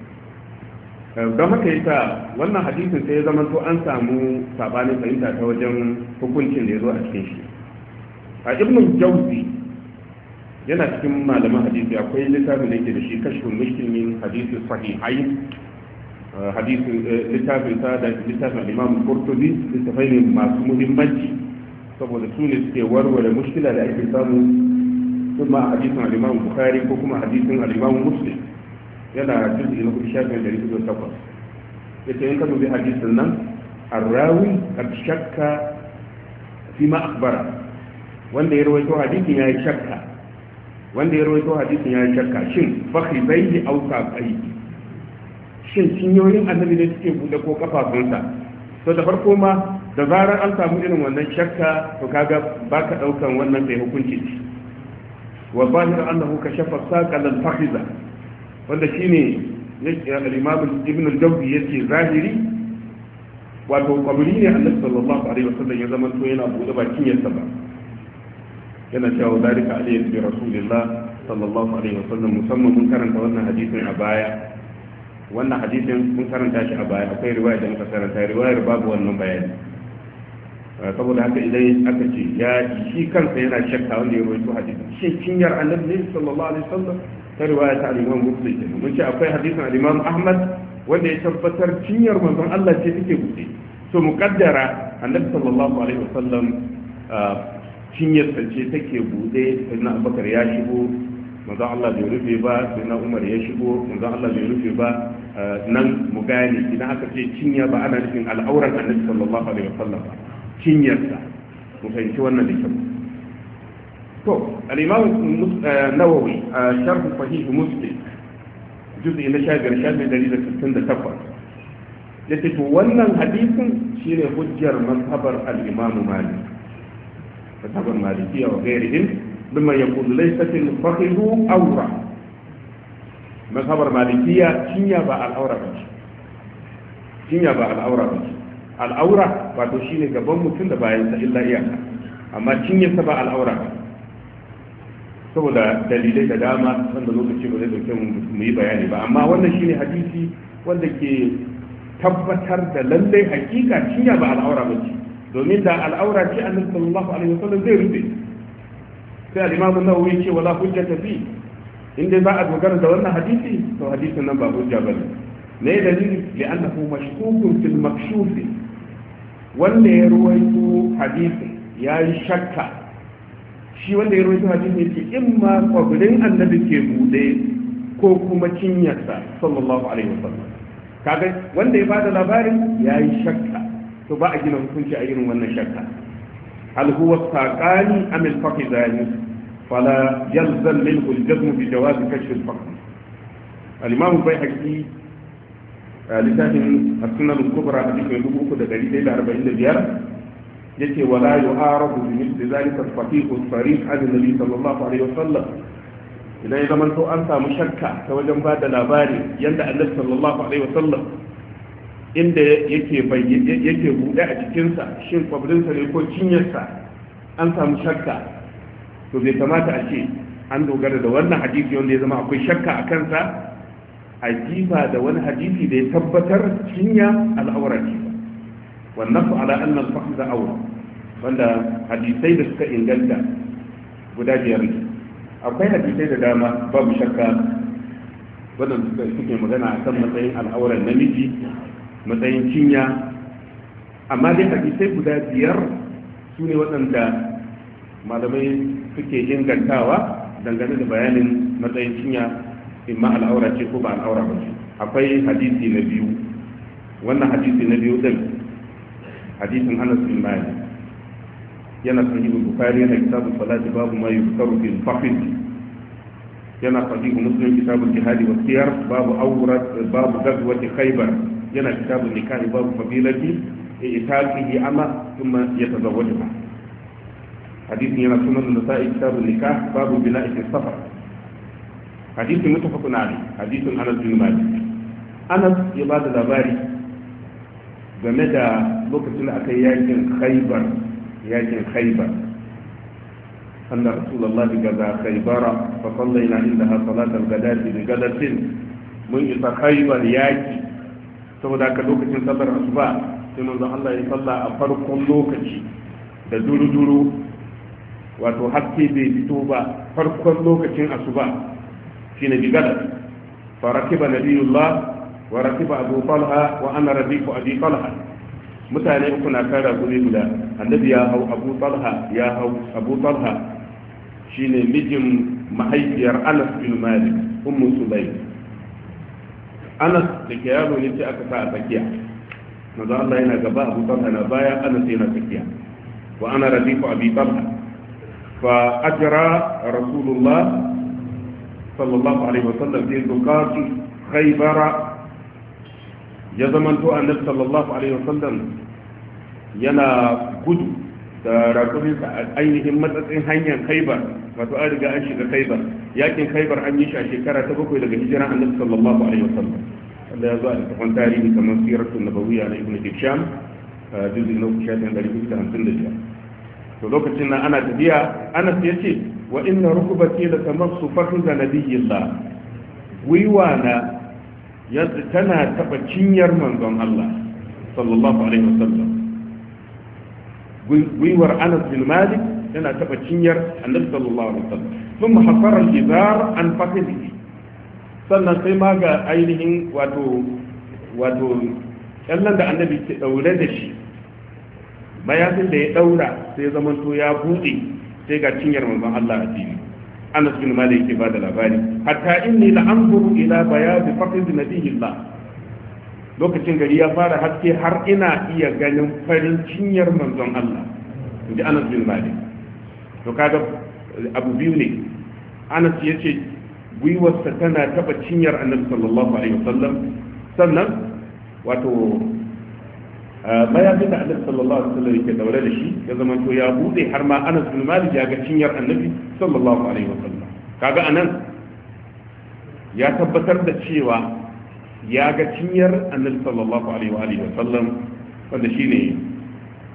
eh, don haka yasa wannan hadisin sai ya zama to an samu sabanin fahimta ta wajen hukuncin da ya zo a cikin shi a ibnu jawzi yana cikin malaman hadisi akwai littafin da yake da shi kashfin mushkimin hadisi sahihain uh, hadisi uh, littafin sa da littafin imam qurtubi littafai ne masu muhimmanci saboda su ne suke warware mushkila da ake samu kuma hadisin al-imam bukhari ko kuma hadisin al-imam muslim yana cikin na kudi shafin da rikido takwas yace in ka dubi hadisin nan arrawi a shakka fi ma akbara wanda ya rawaito hadisin ya yi shakka wanda ya rawaito hadisin ya yi shakka shin fakhi yi aw saqai shin cinyoyin annabi ne suke bude ko kafafunsa to da farko ma da zarar an samu irin wannan shakka to kaga baka daukan wannan bai hukunci wa zahir annahu kashafa saqa lil fakhiza wanda shine al-imam ibn al-jawzi yace zahiri wato kabri ne annabi sallallahu alaihi wasallam ya zama to yana bude bakin yasa ba yana cewa zalika alayhi bi rasulillah sallallahu alaihi wasallam musamman mun karanta wannan hadisin a baya wannan hadisin mun karanta shi a baya akwai riwaya da muka karanta riwayar babu wannan bayani ah, saboda haka idan aka ce ya shi kansa yana shakka wanda ya rawaito hadisin shi cinyar annabi ne sallallahu alaihi wasallam ta riwaya ta al-Imam Muslim kenan mun ce akwai hadisin al-Imam Ahmad wanda ya tabbatar cinyar manzon Allah ce take buɗe to muqaddara annabi sallallahu alaihi wasallam ah, cinyar kalce take bude sai na abubakar ya shigo manzo Allah bai rufe ba sai na Umar ya shigo manzo Allah bai rufe ba eh, nan mu gane idan aka ce cinya ba ana nufin al'auran Annabi sallallahu alaihi wasallam cinyarsa mu fahimci wannan da kyau to al-Imam eh, Nawawi eh, sharh sahih Muslim juz'i na 15 shafin 168 yace to wannan hadisin shine hujjar mazhabar al-Imam Malik كتب المالكية وغيرهم مما يقول ليست الفخذ أورا مذهب المالكية شنيا با الأورا بجي شنيا با الأورا بجي الأورا باتو شيني قبل متن با ينسى إلا إياها أما شنيا سبا الأورا saboda dalilai da dama wanda lokaci ba zai dauke mu yi bayani ba amma wannan shine hadisi wanda ke tabbatar da lallai hakika cinya ba al'aura ba ce domin da al'aura ce annabi sallallahu alaihi wasallam zai rufe sai al-imam an-nawawi ce wala hujjata fi inda za a dogara da wannan hadisi to hadisin nan ba hujja bane ne dalili li'annahu mashkukun fil makshuf wanda ya ruwaito hadisi ya yi shakka shi wanda ya ruwaito hadisi yake in ma kwabirin annabi ke bude ko kuma cinyarsa sallallahu alaihi wasallam kaga wanda ya bada labarin ya yi shakka to ba a gina hukunci a irin wannan shakka hal huwa saqani am al faqidani fala yalzam minhu al jazm bi jawaz kashf al faqd al imam al bayhaqi littafin as-sunan al kubra a cikin 3145 yake wala yu'arabu bi mithli zalika al-faqih al-sarih an nabi sallallahu alaihi wasallam idan ya zama to an samu shakka ta wajen ba da labari yanda annabi sallallahu alaihi wasallam inda yake yake bude a cikinsa shin kwabrinsa ne ko cinyarsa an samu shakka to bai kamata a ce an dogara da wannan hadisi wanda ya zama akwai shakka a kansa a jifa da wani hadisi da ya tabbatar cinya al'aura ce wannan su ala annal fahza aura wanda hadisai da suka inganta guda biyar ne akwai hadisai da dama babu shakka wadanda suke magana akan matsayin al'auran namiji matsayin cinya amma dai hadisai guda biyar su ne waɗanda malamai suke ingantawa dangane da bayanin matsayin cinya in ma al'aura ce ko ba al'aura ba ce akwai hadisi na biyu wannan hadisi na biyu ɗin hadisin anas bin malik yana sahihu bukhari yana kitabu salati babu ma yuzkaru fil fakhr yana sahihu muslim kitabun jihadi wa siyar babu awrat babu gazwati khaybar yana kitabun nikahi babu fadilati itaqihi amma kuma ya tazawwaju ba hadisi yana sunan nasa'i kitabun nikah babu bina'i safar hadisi mutafaqun alayhi hadisin Anas bin Malik Anas ya ba da labari game da lokacin da aka yi yakin Khaibar yakin Khaibar أن رسول الله غزا خيبر فصلينا عندها صلاة الغداة بغدة من إذا خيبر ياكي saboda haka lokacin sallar asuba sai manzo Allah ya salla a farkon lokaci da duru-duru wato haske bai fito ba farkon lokacin asuba shine bigada farakiba nabiyullah wa rakiba abu talha wa ana rabiku abi talha mutane uku na kara guri guda annabi ya hau abu talha ya hau abu talha shine mijin mahaifiyar anas bin malik ummu sulaim anas da ke yaro ya ce aka sa a tsakiya Maza Allah yana gaba abu talha na baya anas yana tsakiya wa ana radifu abi talha fa ajra rasulullah sallallahu alaihi wa sallam, wasallam fi duqati khaybara ya zamanto annabi sallallahu alaihi wa sallam, yana gudu da rakuminsa a ainihin matsatsin hanyar khaybar wato an riga an shiga khaybar yakin khaibar an yi shi a shekara ta bakwai daga hijira annabi sallallahu alaihi wasallam wanda ya zo a littafin tarihi kamar siratu nabawiyya na ibnu hisham juzu na uku shafin ɗari uku da hamsin da biyar to lokacin nan ana tafiya ana ya ce wa inna rukubati la tamassu fakhidha nabiyillah wiwa na yanzu tana taɓa cinyar manzon Allah sallallahu alaihi wasallam gwiwar Anas bin Malik yana taba cinyar annabi sallallahu alaihi wasallam sun hasar al-izar an fakidi sannan sai ma ga ainihin wato wato kyallan da annabi ke daure da shi mayafin da ya daura sai zaman to ya buɗe sai ga cinyar manzon Allah a fili Anas bin Malik ke bada labari hatta inni la anzuru ila bayad faqid nabiyillah lokacin gari ya fara haske har ina iya ganin farin cinyar manzon Allah inji Anas bin Malik to kaga abu biyu ne anas ya ce gwiwarsa tana taba cinyar annabi sallallahu alaihi wasallam sannan wato mayafin da annabi sallallahu alaihi wasallam yake daure da shi ya zama to ya bude har ma anas bin malik ya ga cinyar annabi sallallahu alaihi wasallam kaga anan ya tabbatar da cewa ya ga cinyar annabi sallallahu alaihi wa sallam wanda shine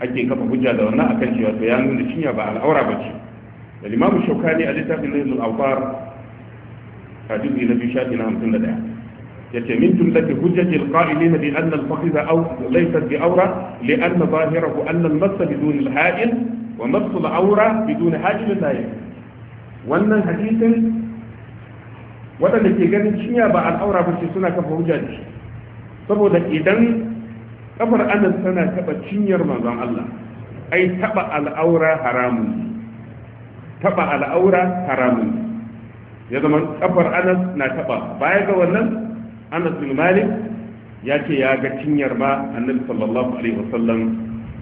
ake kafa hujja da wannan akan cewa to ya nuna cinya ba al'aura ba ce da limamu shaukani a littafin na yanzu alfar hadisi na biyu shafi na hamsin da ɗaya ya ce min jumlati hujjajil qa'ilin bi anna al-fakhiza da laysa bi awra li anna zahirahu anna al-massa bidun al-ha'il wa massu al-awra bidun ha'il la wannan hadisin waɗanda ke ganin cinya ba al'aura ba ce suna kafa hujja saboda idan kafar anas tana taba cinyar manzon Allah ai taba al'aura haramun taba al'aura haramun ya zama kafar anas na taba baya ga wannan anas bin malik ya ce ya ga cinyar ma annabi sallallahu alaihi wasallam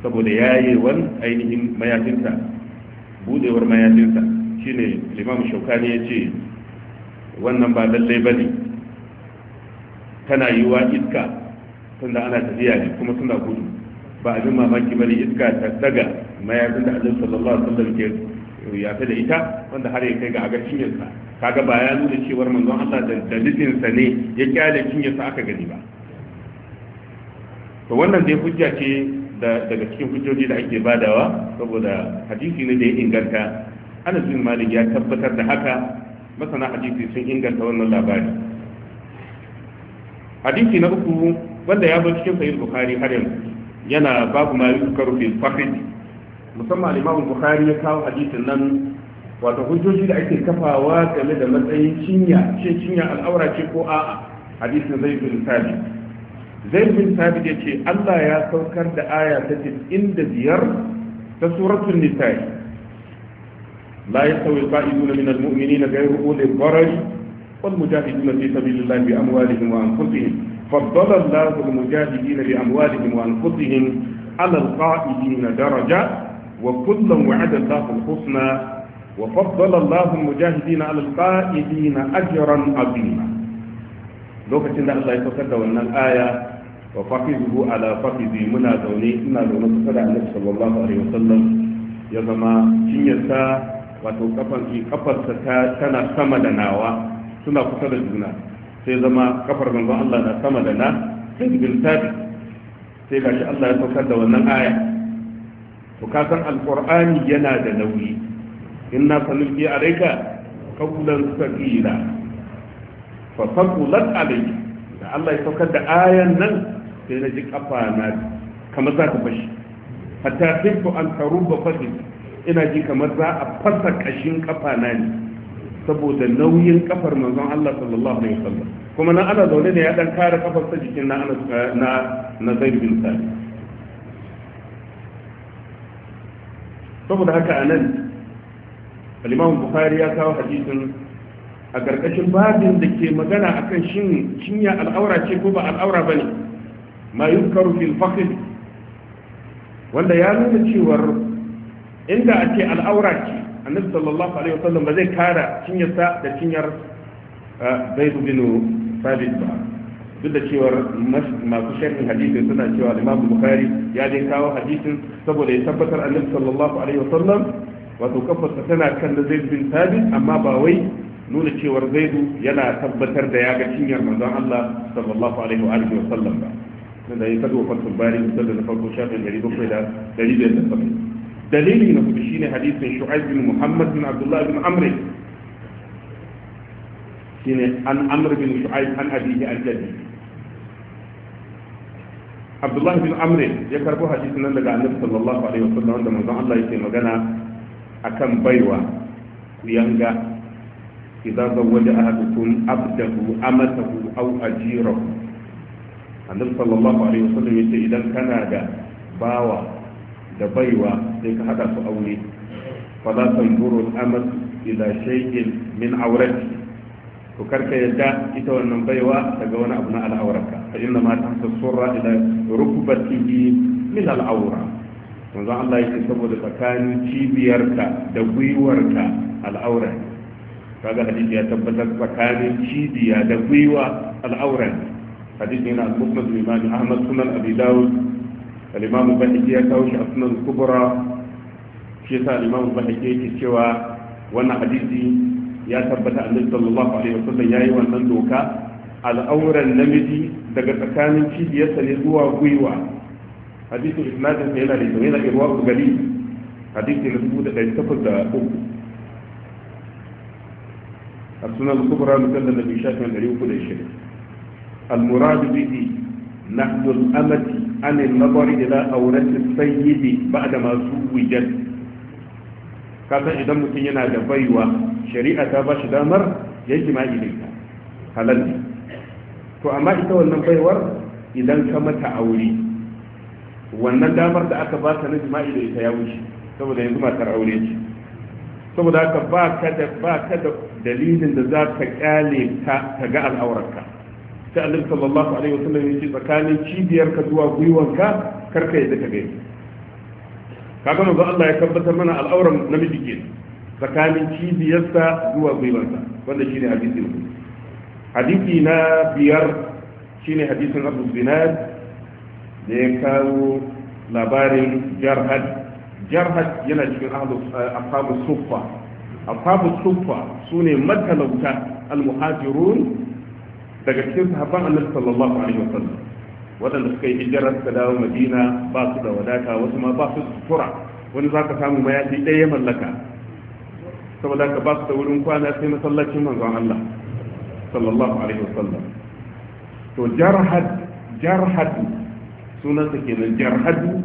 saboda yayi wan ainihin mayafinta budewar mayafinta shine limam shaukani ya ce wannan ba lallai bane tana yiwa iska tunda ana tafiya ne kuma suna gudu ba abin mamaki bane iska ta daga mayafin da Allah sallallahu alaihi wasallam ke yafe da ita wanda har ya kai ga aga sa kaga ba ya nuna cewar manzon Allah da dalilinsa ne ya kyale sa aka gani ba to wannan dai hujja ce daga cikin hujjoji da ake badawa saboda hadisi ne da ya inganta ana jin Malik ya tabbatar da haka masana hadisi sun inganta wannan labari hadisi na uku wanda ya zo cikin sahih bukhari har yanzu yana babu ma yuzkaru fil fakhr musamman al-imam bukhari ya kawo hadisin nan wato hujjoji da ake kafawa game da matsayin cinya ce cinya al'aura ce ko a'a hadisin zai bin sabi zai bin sabi ya ce Allah ya saukar da aya ta inda biyar ta suratul nisa'i la yastawi al-qa'idun min al-mu'minina ghayru ulil darar wal mujahiduna fi sabilillahi bi amwalihim wa anfusihim فضل الله المجاهدين بأموالهم وأنفسهم على القائدين درجة وكلا وعد الله الحسنى وفضل الله المجاهدين على القائدين أجرا عظيما lokacin da Allah ya saukar da wannan aya wa faqihu ala faqihi muna zaune ina zaune kusa da Annabi sallallahu alaihi wasallam ya zama cinyarsa wato kafan ki kafarsa ta tana sama da nawa suna kusa da juna sai zama kafar manzon Allah na sama da na hizbin sabi sai gashi Allah ya saukar da wannan aya to ka san alqur'ani yana da nauyi inna sanulqi alayka qawlan thaqila fa saqulat alayka da Allah ya saukar da ayan nan sai na ji kafa na kamar za ka fashi hatta hibbu an taruba fadi ina ji kamar za a fasa kashin kafa na ne saboda nauyin kafar manzon Allah sallallahu alaihi wasallam kuma nan ana zaune ne ya dan kare kafar sa jikin na eh, na na Zaid bin Sabit saboda haka anan al-Imam Bukhari ya kawo hadisin a karkashin babin da ke magana akan shin cinya al'aura ce ko ba al'aura ne ma yunkaru fil fakhr wanda ya nuna cewar inda ake al'aura ce annabi sallallahu alaihi wasallam ba zai kara cinyarsa da cinyar uh, zaidu bin sabit ba duk da cewar masu sharhin hadisin suna cewa imam bukhari ya dai kawo hadisin saboda ya tabbatar annabi sallallahu alaihi wasallam wato kafarsa tana kan da zaidu bin sabit amma ba wai nuna cewar zaidu yana tabbatar da ya ga cinyar manzon Allah sallallahu alaihi wasallam ba da ya kadu fatul bari da farko shafin 700 da 700 dalili na hudu shine hadisin shu'aib bin muhammad bin abdullah bin amr shine an amr bin shu'aib an abihi an jaddi abdullah bin amr ya karbo hadisin nan daga annabi sallallahu alaihi wasallam wanda manzon Allah yake magana akan baiwa ku yanga idan zawwaja ahadukum abdahu amatahu aw ajirahu annabi sallallahu alaihi wasallam yace idan kana da bawa da baiwa sai ka hada su aure fa za ta zuru al'amal ila shay'in min aurati to karka yadda ita wannan baiwa daga wani abu na al'aurarka fa inna ma tahta surra ila rukbatihi min al'aura manzo Allah yake saboda tsakanin cibiyarka da gwiwarka al'aura kaga hadisi ya tabbatar tsakanin cibiya da gwiwa al'aura hadisi yana al-Muslim Imam Ahmad Sunan Abi Dawud al-imam ya kawo a sunan kubra shi yasa al-imam bahiki yake cewa wannan hadisi ya tabbata annabi sallallahu alaihi wasallam yayi wannan doka al'auran namiji daga tsakanin cibiyarsa ne zuwa gwiwa hadisin isnadin sa yana da ita yana irwa gari hadisi na dubu da ɗari takwas a sunan kubra uku da عن النظر إلى أورة السيد بعدما زوجت kasan idan mutum yana da baiwa shari'a ta ba shi damar ya jima'i da to amma ita wannan baiwar idan ka mata aure wannan damar da aka bata na jima'i da ita ya wuce saboda yanzu matar aure ce saboda haka ba ka da ba ka da dalilin da za ka kyale ta ta ga al'aurarka sai annabi sallallahu alaihi wasallam yace tsakanin cibiyar ka zuwa gwiwanka karka yadda ka gani kaga manzo Allah ya tabbatar mana al'auran namiji ke tsakanin cibiyarsa zuwa gwiwansa wanda shine hadisi ne hadisi na biyar shine hadisin Abu Zinad da ya kawo labarin Jarhad Jarhad yana cikin ahlus eh, ashabus suffa ashabus suffa sune matalauta al-muhajirun daga cikin sahabban annabi sallallahu alaihi wasallam waɗanda suka yi hijirar suka dawo madina ba su da wadata wasu ma ba su da sutura wani za ka samu mayafi ɗaya ya mallaka saboda ka ba su da wurin kwana sai masallacin manzon Allah sallallahu alaihi wasallam to jarhad jarhad sunansa kenan jarhad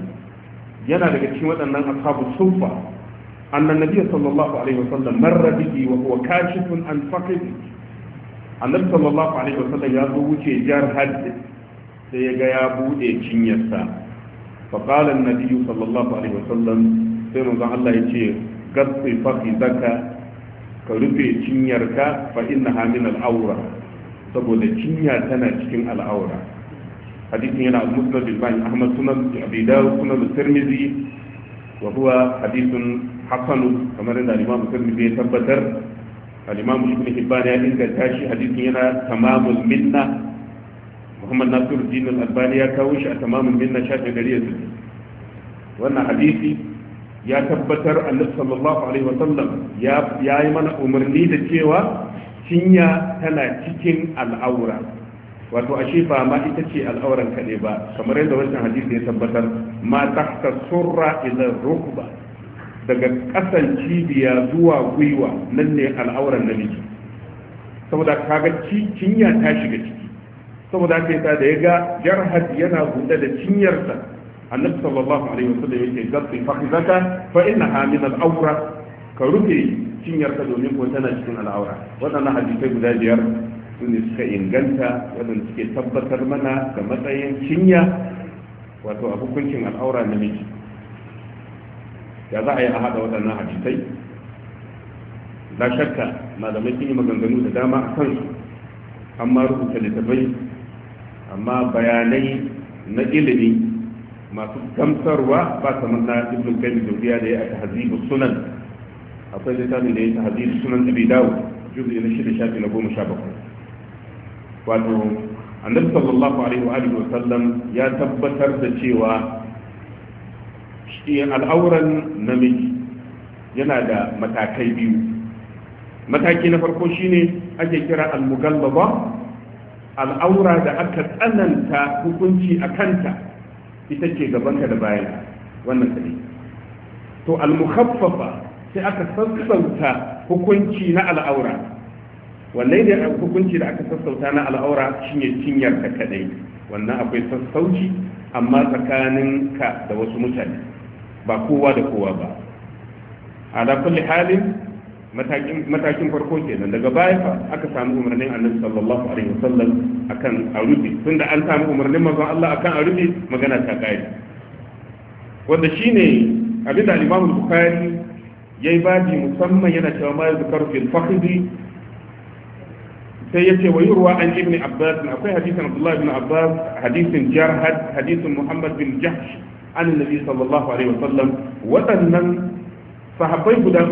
yana daga cikin waɗannan ashabu sufa annan nabiyyu sallallahu alaihi wasallam marra bihi wa huwa kashifun an faqihi annabi sallallahu alaihi wasallam ya zo wuce jar hadd sai ya ga ya bude cinyarsa fa qala an sallallahu alaihi wasallam sai manzon Allah ya ce gasfi faqi zaka ka rufe cinyarka fa innaha min al-awra saboda cinya tana cikin al-awra hadisin yana musnad bin Ahmad sunan Abi Dawud sunan Tirmidhi wa huwa hadithun hasan kamar da Imam Tirmidhi ya tabbatar al-imam ibn hibban ya inganta shi hadisin yana tamamul minna muhammad nasir din al-albani ya kawo shi a tamamul minna shafin 160 wannan hadisi ya tabbatar annabi sallallahu alaihi sallam ya yi mana umarni da cewa cinya tana cikin al'aura wato ashe ba ma ita ce al'auran kaɗai ba kamar yadda wancan hadisi ya tabbatar ma tahta surra ila rukba daga kasan cibiya zuwa gwiwa nan ne al'auran namiji saboda kaga cinya ta shiga ciki saboda haka yasa da ya ga jarhad yana buɗe da cinyarsa annabi sallallahu alaihi wasallam yake gatsi fakhizaka fa innaha min al'aura ka rufe cinyarka domin ko tana cikin al'aura waɗannan hadisai guda biyar su ne suka inganta waɗanda suke tabbatar mana da matsayin cinya wato a hukuncin al'aura namiji ya za a yi a haɗa waɗannan hadisai la shakka malamai sun yi maganganu da dama a kansu amma rubuta littafai amma bayanai na ilimi masu gamsarwa ba kamar manna, ibn kaimi dauriya da ya aka hazibu sunan akwai littafin da ya ta hazibu sunan abi dawo juzu na shida shafi na goma sha bakwai wato annabi sallallahu alaihi wa alihi wa sallam ya tabbatar da cewa shi al'auran namiji yana da matakai biyu mataki na farko shine ake kira al-mugallaba al'aura da aka tsananta hukunci a kanta ita ce gabanka da bayan wannan kare to al-mukhaffafa sai aka sassauta hukunci na al'aura wallai da hukunci da aka sassauta na al'aura shine cinyar ka kadai wannan akwai sassauci amma tsakaninka da wasu mutane ba kowa da kowa ba ala kulli halin matakin farko kenan daga baya fa aka samu umarnin annabi sallallahu alaihi wasallam akan arubi tunda an samu umarnin manzon Allah akan arubi magana ta kai wanda shine abinda al-Imam Bukhari yayi baji musamman yana cewa ma yuzkaru fil fakhdi sai yace ce wa yurwa an ibn Abbas akwai hadisin Abdullah ibn Abbas hadisin Jarhad hadisin Muhammad bin Jahsh an nabi sallallahu alaihi wasallam waɗannan sahabbai guda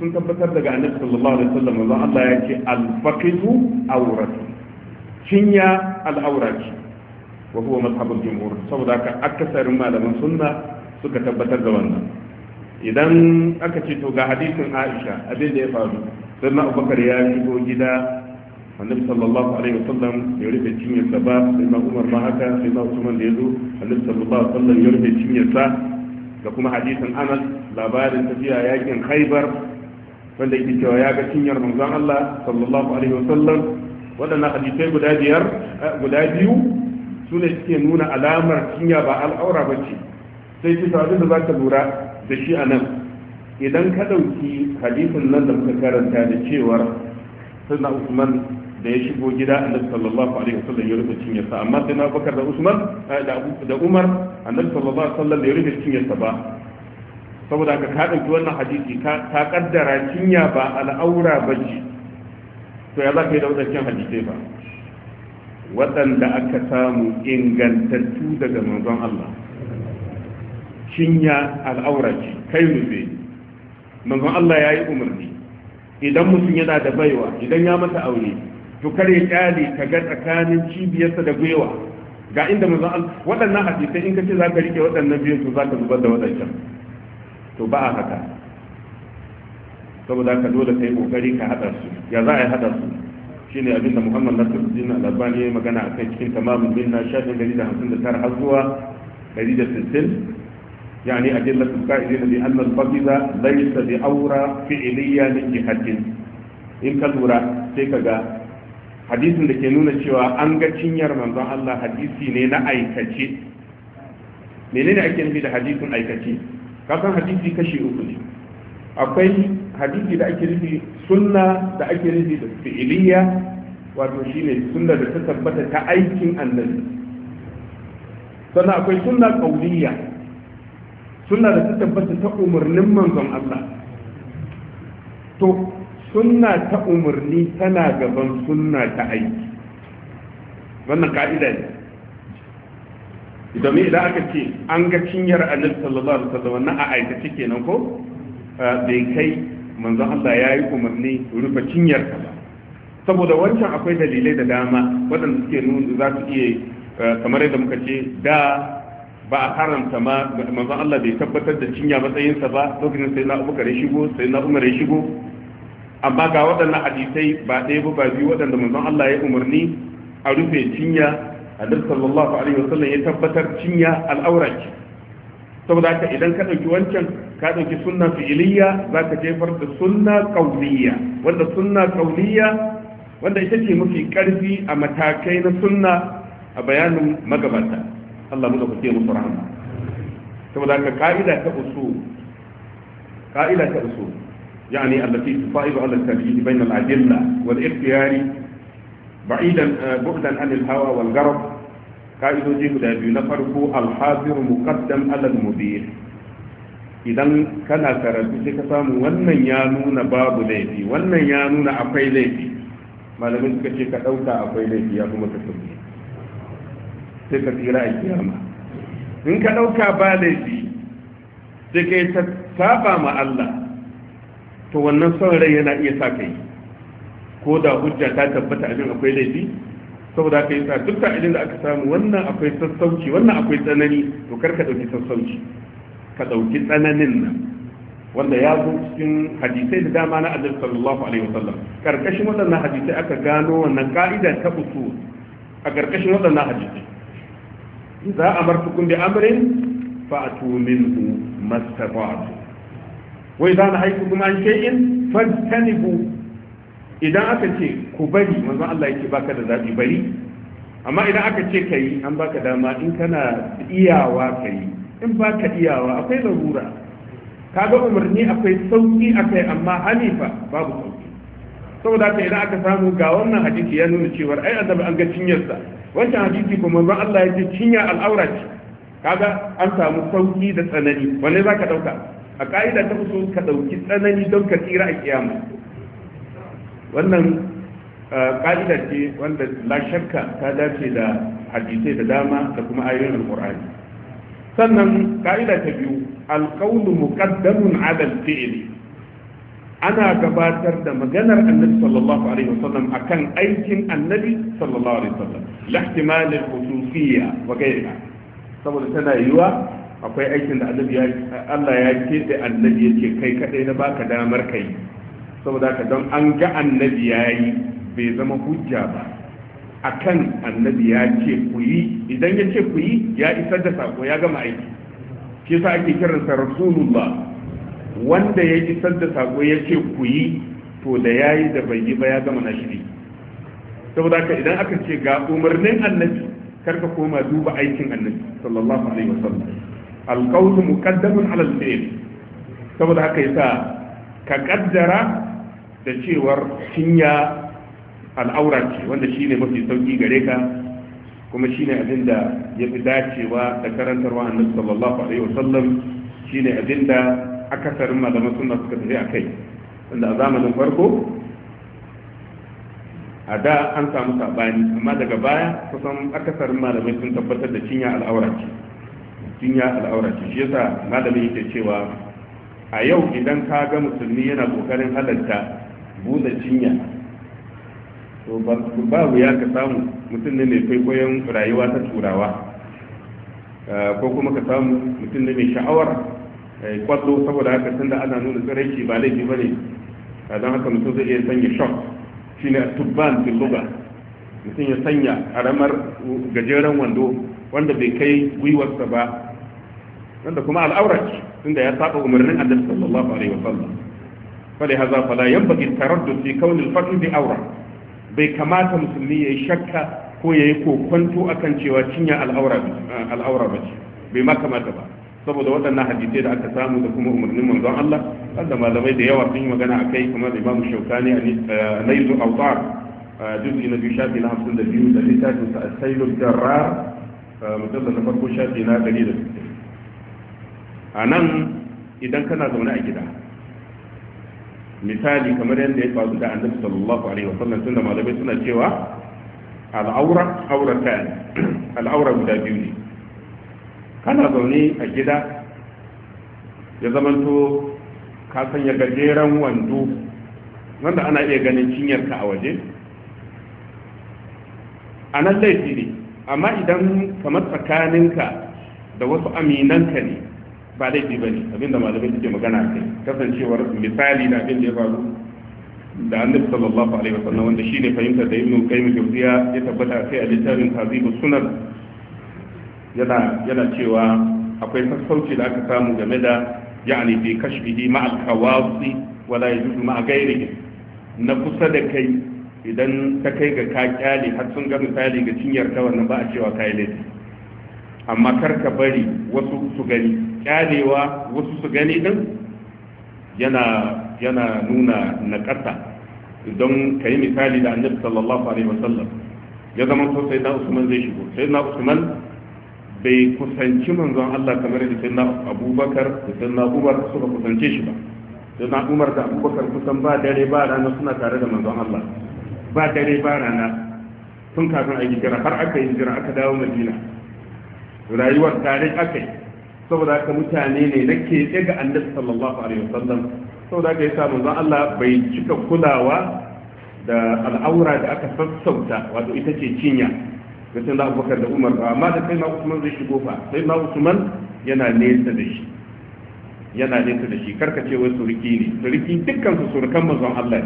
sun tabbatar daga annabi sallallahu alaihi wasallam manzo Allah ya ce al-faqidu awratu cinya al-awra wa huwa mazhabul jumhur saboda haka akasarin malaman sunna suka tabbatar da wannan idan aka ce to ga hadisin Aisha abin da ya faru sannan Abubakar ya shigo gida annabi sallallahu alaihi wasallam ya rufe cinyarsa ba sai na umar ma haka sai na usman da ya zo annabi sallallahu alaihi wasallam ya rufe cinyarsa da kuma hadisin anas labarin tafiya yakin khaibar wanda yake cewa ya ga cinyar manzon Allah sallallahu alaihi wasallam waɗannan hadisai guda biyar eh, guda biyu su ne suke nuna alamar cinya ba al'aura ba ce sai su sa'adu da za ka lura da shi a nan idan ka ɗauki hadisin nan da muka karanta da cewar sannan usman da ya shigo gida annabi sallallahu alaihi wasallam ya rufe cinyarsa amma sai na bakar da usman eh, da umar annabi sallallahu alaihi wasallam da ya rufe cinyarsa ba saboda haka ka dauki wannan hadisi ta kaddara cinya ba al'aura bace to ya za ka yi da wadancan hadisi ba waɗanda aka samu ingantattu daga manzon Allah cinya al'aura ce kai rufe manzon Allah ya yi umarni idan mutum yana da baiwa idan ya mata aure to kare kyale ka ga tsakanin cibiyarsa da gwiwa ga inda manzon Allah waɗannan hadisai in ka ce za ka rike waɗannan biyun to za ka zubar da waɗancan to ba a haka saboda ka dole kai kokari ka hada su ya za a yi hada su shine abinda Muhammad Nasiruddin Al-Albani ya magana a akai cikin tamamin binna shafin da da hamsin 159 har zuwa 160 يعني أدلة bi بأن القبض ليس بأورى in ka lura sai ka ga. hadisin da ke nuna cewa an ga cinyar manzon Allah hadisi ne na aikace menene ake nufi da hadisin aikace kasan hadisi kashi uku ne akwai hadisi da ake nufi sunna da ake nufi da fi'iliya wato shine sunna da ta tabbata ta aikin annabi sannan akwai sunna qauliyya sunna da ta tabbata ta umarnin manzon Allah to sunna ta umarni tana gaban sunna ta aiki wannan ka'ida ne domin idan aka ce an ga cinyar annabi sallallahu alaihi wasallam wannan a aikace kenan ko eh, bai kai manzon Allah ya yi umarni rufe cinyar ka ba saboda wancan akwai dalilai da dama waɗanda suke nuna za su iya eh, kamar yadda muka ce da ba a haramta ma manzon Allah bai tabbatar da cinya matsayinsa ba lokacin sai na Abubakar ya shigo sai na Umar ya shigo amma ga waɗannan hadisai ba ɗaya ba ba biyu waɗanda manzon Allah ya umarni a rufe cinya a dar sallallahu alaihi wasallam ya tabbatar cinya al'aura ce saboda haka idan ka ɗauki wancan ka ɗauki sunna fi'iliya za ka jefar da sunna kauliyya wanda sunna kauliyya wanda ita ce mafi ƙarfi a matakai na sunna a bayanin magabata Allah mu da mu musu rahama saboda haka ka'ida ta usul ka'ida ta usul يعني التي تصائب على التمييز بين الأدلة والاختيار بعيدا بعدا عن الهوى والغرض قائد جيب دابي نفرق الحاضر مقدم على المدير idan kana karatu sai ka samu wannan ya nuna babu laifi wannan ya nuna akwai laifi malamin suka ce ka ɗauka akwai laifi ya kuma ka sauke sai ka tsira a kiyama in ka ɗauka ba laifi sai ka yi ta saba ma Allah to wannan son rai yana iya sa kai ko da hujja ta tabbata abin akwai laifi saboda haka sa, duk ta'idin da aka samu wannan akwai sassauci wannan akwai tsanani to kar ka dauki sassauci ka dauki tsananin nan wanda ya zo cikin hadisai da dama na annabi sallallahu alaihi wasallam Ƙarƙashin waɗannan hadisai aka gano wannan ka'ida ta usu a karkashin waɗannan hadisai idza amartukum bi amrin fa'tu minhu mastata'tum wai za na haiku kuma an in fastanibu idan aka ce ku bari manzon Allah yake baka da zabi bari amma idan aka ce kai an baka dama in kana iyawa kai in baka iyawa akwai larura kaga umarni akwai sauki akai amma hanifa babu sauki saboda haka idan aka samu ga wannan hadisi ya nuna cewa ai azabi an ga cinyarsa wancan hadisi kuma manzon Allah ya ce cinya al'aura ce kaga an samu sauki da tsanani wanne zaka dauka a ka'ida ta usul ka ɗauki tsanani don ka tsira a kiyama wannan ka'ida ce wanda la shakka ta dace da hadisai da dama da kuma ayoyin alqur'ani sannan ka'ida ta biyu alqawlu muqaddamun ala al-fi'li ana gabatar da maganar annabi sallallahu alaihi wasallam akan aikin annabi sallallahu alaihi wasallam la ihtimal al-khususiyya wa ghayriha saboda tana yiwa akwai aikin da annabi Allah ya ce da annabi ya ce kai kaɗai na baka damar kai saboda haka don an ga annabi ya yi bai zama hujja ba akan annabi ya ce ku yi idan ya ce ku yi ya isar da sako ya gama aiki shi yasa ake kiransa rasulullah wanda ya isar da sako ya ce ku yi to da ya yi da bai yi ba ya gama nashiri saboda haka idan aka ce ga umarnin annabi karka koma duba aikin annabi sallallahu alaihi wasallam alqawlu muqaddamun ala al saboda haka yasa ka kaddara da cewar cinya al'aura ce wanda ne mafi sauki gare ka kuma ne abin da ya fi dacewa da karantarwa annabi sallallahu alaihi shi ne abin da akasarin malaman suna suka tafi a kai wanda a zamanin farko a da an samu sabani amma daga baya kusan akasarin malamai sun tabbatar da cinya al'aura ce sun ya al'aura ce shi yasa malamin yake cewa a yau idan ka ga musulmi yana kokarin halarta buɗe cinya to babu ya ka samu mutum ne mai kwaikwayon rayuwa ta turawa eh, ko kuma ka samu mutum ne mai sha'awar eh, kwallo saboda haka tun da ana nuna tsiraici ba laifi ba ne eh, don haka mutum zai iya sanya shock shi ne a tubban filuga mutum ya sanya karamar gajeren wando wanda bai kai gwiwarsa ba wanda kuma al'aura ce tunda ya saba umarnin annabi sallallahu alaihi wasallam fali haza fala yanbaghi taraddud fi kawn al-farj bi awra bai kamata musulmi yayi shakka ko yayi kokonto akan cewa cinya al'aura al'aura bace bai ma kamata ba saboda waɗannan hadisai da aka samu da kuma umarnin manzon Allah wanda malamai da yawa sun yi magana akai kamar da Imam Shawkani a Naizu Awtar juz'i na biyu shafi na hamsin da biyu da littafin sa as Jarrar mutum da na farko shafi na ɗari da biyu a nan idan kana zaune a gida misali kamar yadda ya faru da annabi sallallahu alaihi wasallam tunda malamai suna cewa al'aura ta al'aura guda biyu ne kana zaune a gida ya zamanto ka sanya gajeren wando wanda ana iya ganin cinyarka a waje a nan laifi ne amma idan kamar tsakaninka da wasu aminanka ne ba laifi ba ne abinda malamai suke magana a kai kasancewar misali na abin da ya faru da annabi sallallahu alaihi wasallam wanda shine fahimtar da ibnu qayyim jawziya ya tabbata kai a littafin tazibu sunan yana yana cewa akwai sassauci da aka samu game da yani bi kashfihi ma al-khawasi wala yajuzu ma ghairihi na kusa da kai idan ta kai ga ka kyale har sun ga misali ga cinyar ta wannan ba a cewa kai laifi amma kar ka bari wasu su gani kyalewa wasu su gani din yana yana nuna naƙasa don ka yi misali da annabi sallallahu alaihi wasallam ya zama to sai na usman zai shigo sai na usman bai kusanci manzon Allah kamar da sai na abubakar da sai na umar suka kusance shi ba sai na umar da abubakar kusan ba dare ba rana suna tare da manzon Allah ba dare ba rana tun kafin a hijira har aka yi hijira aka dawo madina rayuwar tare aka yi saboda haka mutane ne na ke ga annabi sallallahu alaihi wasallam saboda haka yasa manzo Allah bai cika kulawa da al'aura da aka sassauta wato ita ce cinya ga sai da Abubakar da Umar ba amma da kai na Usman zai shigo fa sai na Usman yana nesa da shi yana nesa da shi karka ce wai suriki ne suriki dukkan su surukan manzon Allah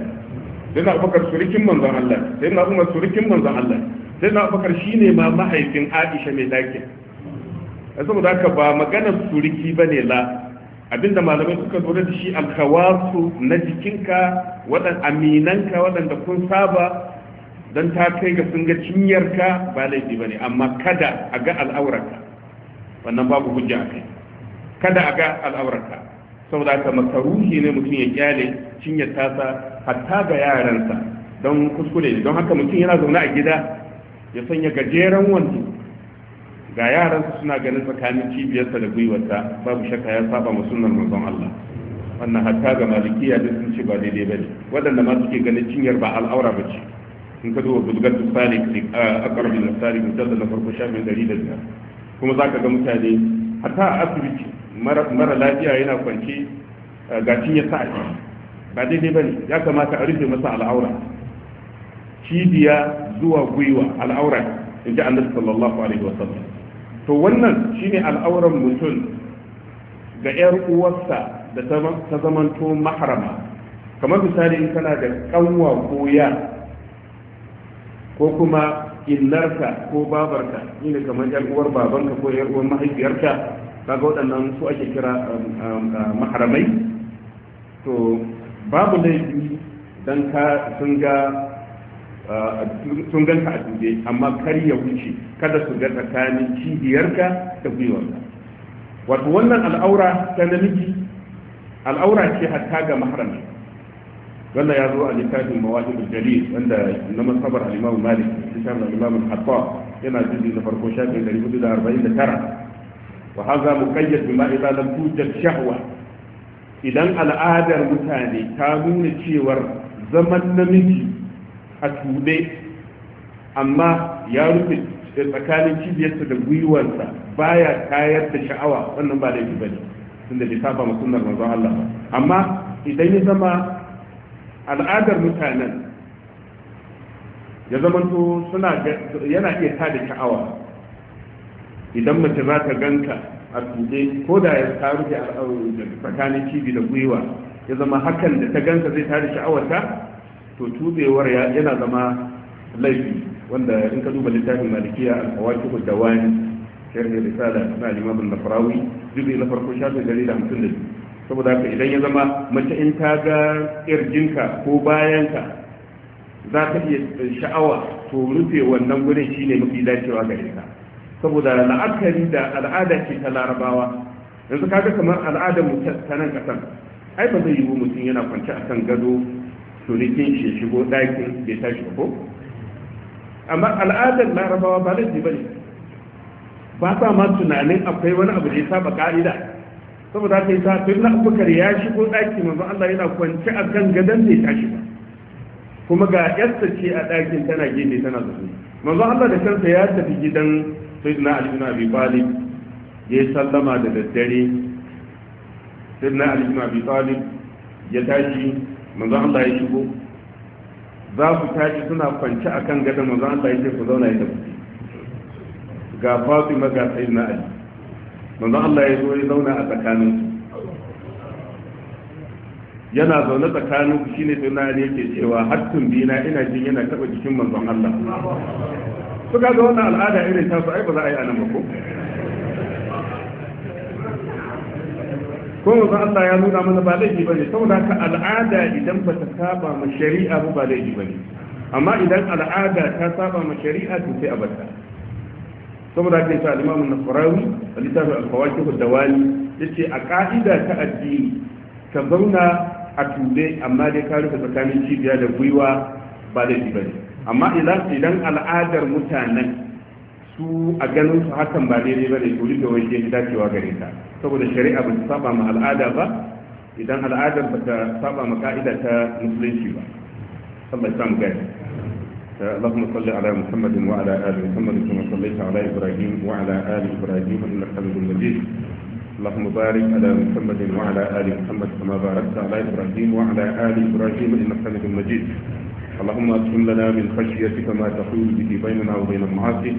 sai na Abubakar surikin manzon Allah sai na Umar surikin manzon Allah sai na Abubakar shine ma mahaifin Aisha mai dakin saboda haka ba maganar suriki ba ne la abinda malamai suka zo da shi alkawarsu na jikinka waɗan aminanka waɗanda kun saba don ta kai ga sun ga cinyarka ba laifi ba ne amma kada a ga al'aurarka wannan babu hujja a kai kada a ga al'aurarka saboda haka makaruhi ne mutum ya kyale cinyar tasa hatta ga yaransa don kuskure don haka mutum yana zaune a gida ya sanya gajeren wanzu. ga yaransa suna ganin tsakanin cibiyarsa da gwiwarsa babu shakka ya saba ma sunnar manzon Allah wannan hatta ga malikiya da sun ce ba daidai bane waɗanda ma suke ganin cinyar ba al'aura ba ce in ka duba da salik a eh, akarbi da salik da na farko shafin ɗari da biyar kuma za ka ga mutane hatta a asibiti mara lafiya yana kwance eh, ga cinyar sa ba daidai bane ya kamata a rufe masa al'aura cibiya zuwa gwiwa al'aura in ji annabi sallallahu alaihi wasallam to wannan shine al'auran mutum ga 'yar uwarsa da ta zamanto maharama kamar misali in kana da kanwa ko ya ko kuma illarka ko babarka shine kamar 'yar uwar babanka ko 'yar uwar mahaifiyarka kaga waɗannan su ake kira um, um, uh, maharamai to babu laifi don ka sun ga sun ganka a duje amma kar ya wuce kada su ga tsakanin cibiyarka da gwiwarka wato wannan al'aura ta namiji al'aura ce hatta ga maharami wannan ya zo a littafin mawahibul jalil wanda na masabar al malik littafin al-imam al-hatta yana jiji na farko shafin da arba'in 449 wa hadha muqayyad bima idza lam tujad shahwa idan al'adar mutane ta nuna cewar zaman namiji a tube, amma ya rufe tsakanin cibiyarsa da gwiwarsa baya tayar da sha'awa wannan ba yi bane tunda bai saba ma sunnar manzon Allah ba amma idan ya zama al'adar mutanen ya zama to suna yana iya tada sha'awa idan mace za ta ganka a tube, ko da ya taru da tsakanin cibi da gwiwa ya zama hakan da ta ganka zai tada sha'awarta to tubewar yana zama laifi wanda in ka duba littafin malikiya al-hawaqiqud dawani sharhi risala na al-imam an-nafrawi juzu na farko shafin 152 saboda haka idan ya zama mace in ta ga kirjinka ko bayanka za ka iya sha'awa to rufe wannan gurin shine mafi dacewa gare ka saboda la'akari da al'ada ce ta larabawa yanzu kaga kamar al'adar mu ta nan kasan ai ba zai yiwu mutum yana kwance a kan gado turikin shi shigo ɗakin bai tashi ko amma al'adar larabawa ba laifi ba ne ba sa ma tunanin akwai wani abu da ya saba ka'ida saboda haka yi sa tun na abubakar ya shigo ɗakin, manzo Allah yana kwance a kan gadon bai tashi ba kuma ga yasta ce a ɗakin tana gefe tana zaune manzo Allah da kansa ya tafi gidan sayyidina Ali bin Abi Talib ya sallama da daddare sayyidina Ali bin Abi Talib ya tashi manzon Allah ya shigo za su tashi suna kwance kan gadon manzon Allah ya ce ku zauna ya kuke ga Fatima ga Sayyidina Ali manzon Allah ya zo ya zauna a tsakanin yana zaune tsakanin ku shine na Ali yake cewa hattun bina ina jin yana taba jikin manzon Allah to kaga wannan al'ada irin ta su ai ba za a yi anan ba ko ko yanzu Allah ya nuna mana ba laifi bane saboda ka al'ada idan ba ta saba ma shari'a ba ba laifi bane amma idan al'ada ta saba ma shari'a to sai a bata saboda haka yasa al-Imam an-Nasrawi a littafin al-Fawaqih ad-Dawani yace a ka'ida ta addini ka zauna a tube amma dai ka rufe tsakanin cibiya da gwiwa ba laifi bane amma idan al'adar mutanen su a ganin su hakan ba daidai ba ne turi da waje ya dacewa gare ta saboda shari'a ba ta saba ma al'ada ba idan al'adar ba ta saba ma ka'ida ta musulunci ba Allah ya samu gani اللهم صل على محمد وعلى ال محمد كما صليت على ابراهيم وعلى ال ابراهيم انك حميد مجيد اللهم بارك على محمد وعلى ال محمد كما باركت على ابراهيم وعلى ال ابراهيم انك حميد مجيد اللهم اقسم لنا من خشيتك ما تحول به بيننا وبين معاصيك